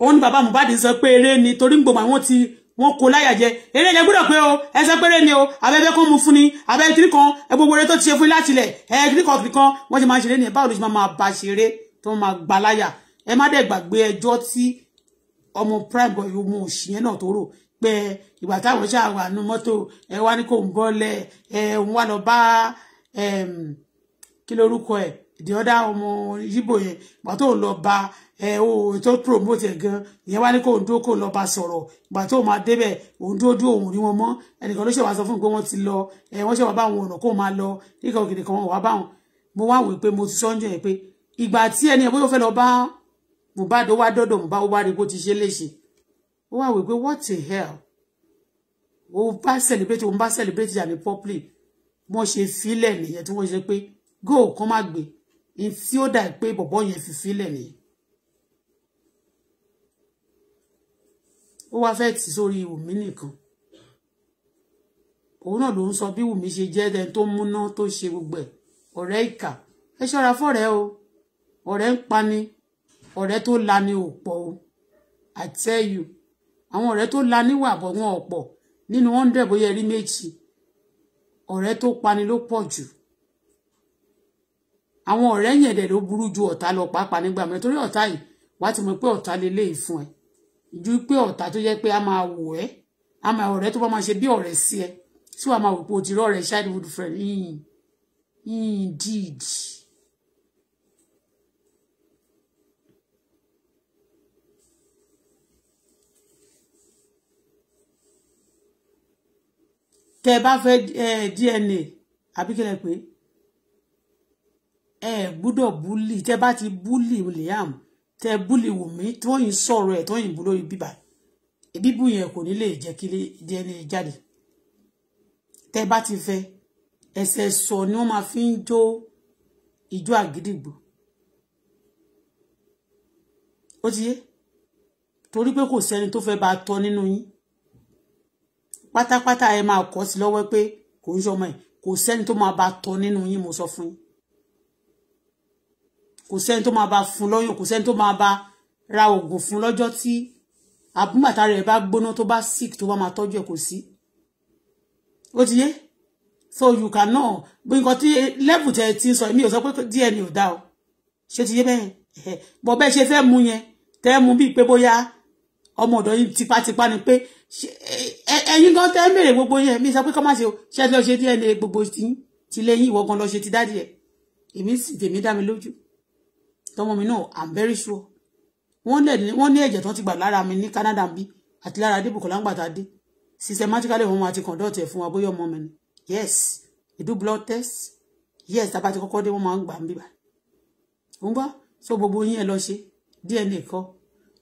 ó ní bàbá Mohbad sọ ni torí ń gbòmà wọn ti wọn kó láyà jẹ eré yẹn gbọ́dọ̀ o ẹ sọ pé ni o abẹbẹ kó mu fún ni abẹ kiri kan ẹ gbogbo eré tó ti ṣe fún látilẹ ẹ kiri kan kiri kan wọn ti máa ń ni ẹ báwo ló ṣe máa máa ba ṣeré tó máa gbaláyà ẹ má dẹ̀ gbàgbé ẹjọ́ tí ọmọ prime boy ọmọ òṣìyẹn náà tó rò pé ìgbà táwọn ṣáà wà nú mọ́tò ẹ wá ní kò ń bọ́lẹ̀ ẹ òun wá lọ bá kí lorúkọ ẹ the other ọmọ yíbò yẹn ìgbà tó lọ bá ẹ o tó promote ẹ gan ìyẹn wá ní kò ń dúró kò lọ bá sọ̀rọ̀ ìgbà tó máa débẹ̀ òun dúró dúró òun rí wọn mọ́ ẹnìkan ló ṣe wá sọ fún un pé wọ́n ti lọ ẹ wọ́n ṣe wá ọ̀nà kó máa lọ níkan òkèdè kan wọ́n wá bá mo wá wò pé mo ti sọ́njọ́ yẹn pé ìgbà tí ẹni ẹ̀ bóyá ó fẹ́ lọ bá Mohbad ó wá dọ́dọ̀ Mohbad wá rí bó ti ṣe léṣe ó wá wí what the hell ó bá celebrate ó bá celebrate jàmí properly wọ́n ṣe sílẹ̀ nìyẹn tí wọ́n ṣe pé go kán má gbé in tí ó dà pé bọ̀bọ̀ yẹn fi sílẹ̀ nìyẹn. ó wá fẹ́ tì sórí wùmí nìkan òun náà ló ń sọ bí wùmí ṣe jẹ́ ẹni tó múná tó ṣe gbogbo ẹ̀ ọ̀rẹ́ ìkà ẹ ṣọ́ra fọ́rẹ́ o ọ̀rẹ́ ń pani ọ̀rẹ́ tó lani ò pọ̀ o I tell you àwọn ọ̀rẹ́ tó lani wà bọ̀ wọn ò pọ̀ nínú hundred bóyá rí méjì ọ̀rẹ́ tó pani ló pọ̀ jù àwọn ọ̀rẹ́ yẹn dẹ̀ ló burú ju ọ̀tá lọ pàápàá nígbà mẹ́rin torí ọ̀tá yìí wàá ti mọ̀ pé ọ̀tá lélẹ́yìí fún ẹ ju pé ọ̀tá tó yẹ pé a máa wò ẹ́ a máa ọ̀rẹ́ tó bá máa ṣe bí ọ̀rẹ́ sí ẹ tí wàá máa wò pé o ti rọ́ childhood friend indeed. tẹ ẹ bá fẹ́ DNA àbí kílẹ pé ẹ gbúdọ̀ búlì tẹ bá ti búlì Liam tẹ búlì Wùmí tí wọ́n yìí sọ̀rọ̀ ẹ̀ tí wọ́n yìí bú lórí bíbá bíbú yẹn kò ní lè jẹ́ kí DNA jáde tẹ bá ti fẹ́ ẹsẹ̀ sọ ni wọ́n máa fi ń jó ìjó àgídìgbò ó ti yé torí pé kò sẹ́ni tó fẹ́ bá tọ́ nínú yín pátápátá ẹ máa kọ́ sí lọ́wọ́ pé kò ń ṣọmọ ẹ̀ kò sẹ́ni tó máa bá tọ́ nínú yín mo sọ fún yín kò sẹ́ni tó máa bá fún lọ́yàn kò sẹ́ni tó máa bá ra oògùn fún lọ́jọ́ tí àbúgbàtà rẹ̀ bá gbóná tó bá sick tó bá máa tọ́jú ẹ̀ kò sí ó ti yé so you cannot bí nǹkan tí level tẹ ti ń sọ èmi ò sọ pé díẹ̀ ni ò dá o ṣé ti yé bẹ́ẹ̀ bọ́ bẹ́ẹ̀ ṣe fẹ́ mú yẹn tẹ́ mú bíi pé bóyá ọmọ ọ̀dọ̀ yìí tipátipá ni pé ẹ̀yin gan tẹ́ ń bèrè gbogbo yẹn mi sọ pé kọ́ má ṣe o ṣe lọ ṣe DNA gbogbo ti lẹ́yìn ìwọ gan lọ ṣe ti dádì ẹ̀ èmi sì tèmi dá mi lójú tọmọ mi náà I'm very sure wọ́n ní ẹ̀jẹ̀ tán ti gbà lára mi ní Canada bí àti lára adébùkọ̀lá ń gbàtà dé systematically wọn máa ti conduct ẹ̀ fún wa bóyá ọmọ mi ni yes they do blood test yes tá a bá ti kọ́kọ́ dé wọ́n máa ń gbà ń bíbà ń bá so gbogbo yín ẹ lọ ṣe DNA kọ́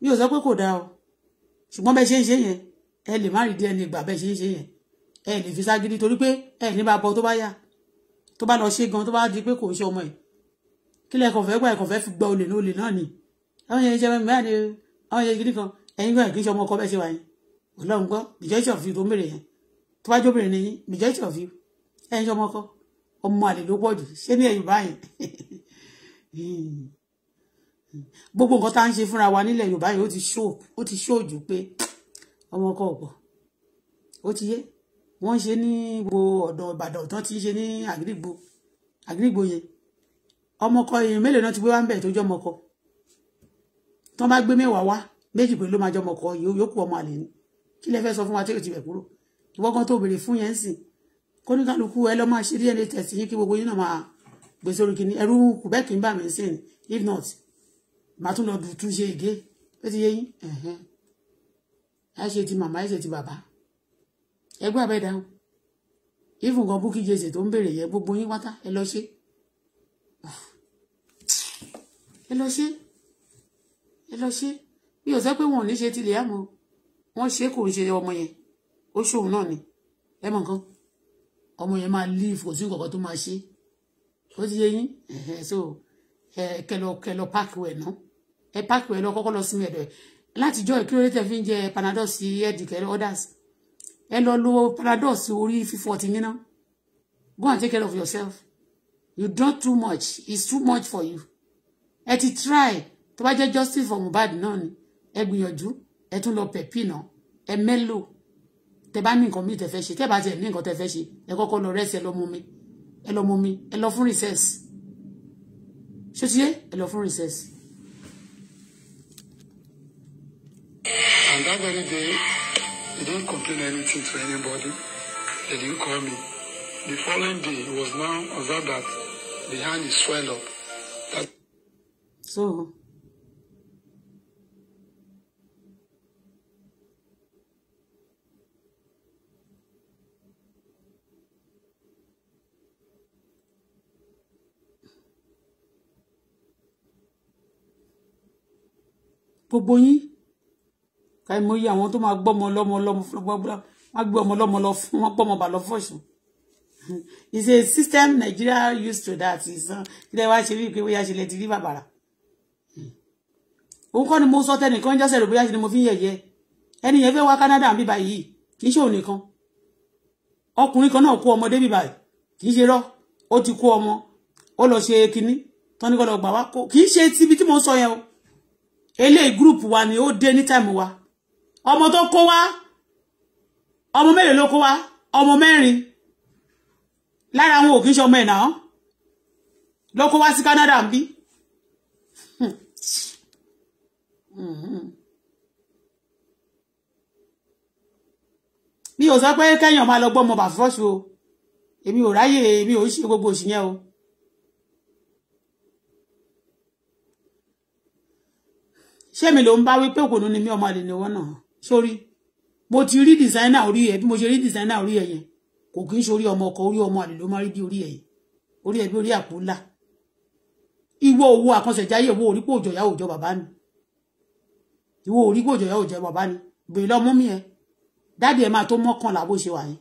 mi ò sọ pé kò dáa o ṣùgbọ́n bẹ́ẹ̀ ṣe ń ṣe yẹn ẹ lè má rí díẹ̀ ní ìgbà bẹ́ẹ̀ ṣe ń ṣe yẹn ẹ lè fi ságídí torí pé ẹ ní bá bọ tó bá yá tó bá lọ ṣe gan tó bá di pé kò ṣe ọmọ ẹ kí lẹ kọfẹ gbà ẹ kọfẹ fi gba olè ní olè náà ni àwọn yẹn jẹ mẹ́rin ni àwọn yẹn gidi kan ẹ̀yin gbà kí n ṣe ọmọ ọkọ bẹ́ẹ̀ ṣe wà yẹn Ọlọ́run gbọ́ majority of you tó ń bèrè yẹn tó bá jóbìnrin ni yín majority of you ẹ̀yin ṣe ọmọ ọkọ ọmọ àlè ló pọ̀ jù gbogbo nǹkan tá à ń ṣe fúnra wa nílẹ̀ yorùbá yìí ó ti ṣó jù pé ọmọ ọkọ ọ̀pọ̀ ó ti yé wọ́n ń ṣe ní gbogbo ọ̀dọ̀ ìbàdàn tán ti ń ṣe ní àgírígbò àgírígbò yẹn ọmọ ọkọ èèyàn mélòó náà ti gbé wá ń bẹ̀ tó jẹ́ ọmọ ọkọ tán bá gbé mẹ́wàá wá méjì pé ló máa jẹ́ ọmọ ọkọ yòókù ọmọ àlè ni kí lẹ fẹ́ sọ fún wa tí kò ti bẹ̀ kúrò ìwọ́gán tó béèrè fún yẹn ń sìn kóníkàlùkù ẹ lọ máa ṣe DNA test yín kí gbogbo yín náà máa gbèsè orí kìíní ẹrú kùbẹ́ẹ̀kì ń bà mí sìn if not màá tún lọ tún ṣe ègé ó ti yé yín ẹ ṣe ti màmá ẹ ṣe ti bàbá ẹgbẹ́ àbẹ́dá o even kan Bukky Jesse tó ń bèrè yẹ gbogbo yín wátá ẹ lọ ṣe ẹ lọ ṣe ẹ lọ ṣe mi ò sọ pé wọn ò ní ṣe tilẹ̀ àmọ́ wọ́n ṣe kò ń ṣe ọmọ yẹn ó ṣòun náà ni ẹ mọ̀ nǹkan ọmọ yẹn máa leave kò sí tó máa ṣe ó ti yé yín so kẹlọ kẹlọ páàkì wẹ̀ náà ẹ páàkì rẹ lọ kọ́kọ́ lọ sinmi ẹ̀dọ̀ ẹ̀ látijọ́ ìkíròlé tẹ̀ fi ń jẹ panadol sí ẹ̀dìkẹ́ orders ẹ lọ lo panadol sí orí fífọ́ ti yín go and take care of yourself you don too much it's too much for you ẹ ti try tó bá jẹ́ justice for Mohbad náà ni ẹ gbìyànjú ẹ tún lọ pẹ̀pì náà ẹ mẹ́lò tẹ bá ní nǹkan míì tẹ fẹ́ ṣe tẹ bá tẹ ní nǹkan tẹ fẹ́ ṣe ẹ kọ́kọ́ lọ rẹ́sì ẹ lọ mú mi ẹ lọ mú mi ẹ lọ fún recess ṣé ti yé ẹ lọ fún recess. And that very day, he didn't complain anything to anybody. They didn't call me. The following day, it was now observed that the hand is swelled up. That so, gbogbo yín káyọ̀ mo àwọn tó máa gbọ́ ọmọ lọ́mọ lọ́mọ gbọ́gbọ́dá wọ́n gbé ọmọ lọ fún wọ́n gbọ́ bà lọ fọ̀ṣùn it's a system Nigeria used to that ìsan kí lẹ wá ṣe bíi pé bóyá ṣe lè ti rí bàbàrà hmm. òun kọ́ ni mo sọ tẹnìkan jọ́sẹ̀ rò bóyá ṣe ni mo fi ń yẹ̀yẹ́ ẹni yẹn fẹ́ wá Canada bíbá yìí kì í ṣe òun nìkan ọkùnrin kan náà kó ọmọdé bíbá yìí kì í ṣe rọ́ ó ti kó ọmọ ó lọ ṣe kinní tọ́ni kọ́ lọ gbà wá kó kì í ṣe tibi tí mo sọ yẹn o eléyìí gúrùpù wa ni ó dé ní táìmù wa ọmọ tó kó wá ọmọ mélòó ló kó wá ọmọ mẹ́rin lára wọn ò kí ń ṣe ọmọ ẹ̀ náà ló kó wá sí Canada ń bí. mi ò sọ pé kẹ́yìn máa lọ gbọ́ ọmọ bàfọ́ṣù o èmi ò ráyè èmi ò ṣe gbogbo òṣì yẹn o. ṣé mi ló ń bá wí òkùnrin ni mí ọmọ àlè ni wọ́n náà sórí mo ti rí designer orí ẹ bí mo ṣe rí designer orí ẹ yẹn kò kí n ṣe orí ọmọ ọkọ orí ọmọ àlè ló máa rí bí orí ẹ yẹn orí ẹ bí orí àpò ńlá ìwọ owó àkànṣẹjáyé ìwọ orí pé òjò ìyá òjò bàbá ni ìwọ orí pé òjò ìyá òjò bàbá ni bèrè lọ mi ẹ dáàdì ẹ máa tó mọ́kànlá bó ṣe wà yẹn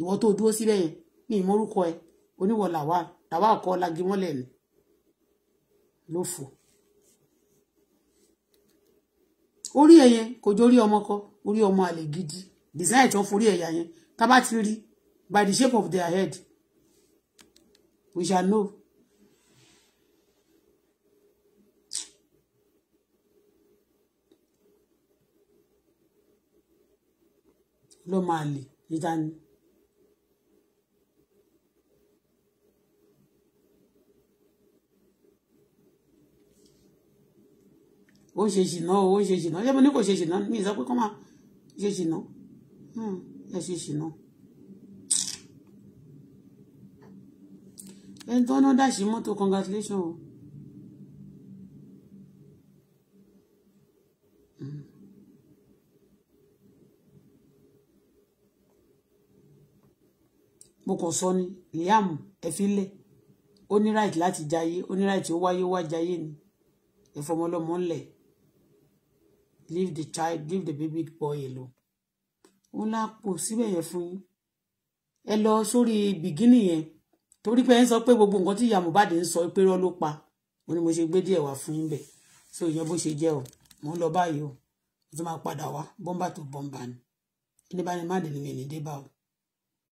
ìwọ tó dúró síbẹ̀ yẹn ní ìmọ̀rúkọ ẹ oníwọ̀ làwà làwà ọkọ lagimọ́lẹ̀ ni ló orí ẹ yẹn kò jó orí ọmọ kọ orí ọmọ àlè gidi design tó ń forí ẹ̀yà yẹn tá bá ti rí by the shape of their head we shall know. ló máa lè níta ni. ó ṣe ṣìnà ó ṣe ṣìnà ṣé mo ní kò ṣe ṣìnà mi sọ pé kọ́ máa ṣe ṣìnà hmm, ẹ ṣe ṣìnà. ẹni tó ná dàṣí mọ́tò congratulation o. Hmm. mo kàn sọ ni liam ẹfílẹ̀ ó ní right láti jayé ó ní right ó wáyé wá jayé ni ẹ̀fọ́ ọmọlọ́mọ ńlẹ̀ leave the child leave the baby boy alone òun la kò síbẹ̀ yẹn fún yín ẹ lọ sórí bìgínì yẹn torí pé ẹ ń sọ pé gbogbo nǹkan tí ìyá Mohbad ń sọ pé rọ́ ló pa mo ní mo ṣe gbé díẹ̀ wá fún yín bẹ̀ so ìyẹn bó ṣe jẹ́ o mo ń lọ báyìí o mo tún máa padà wá bọ́ńbà tó bọ́ńbà ni ẹni bá ní má dé ni ní dé o.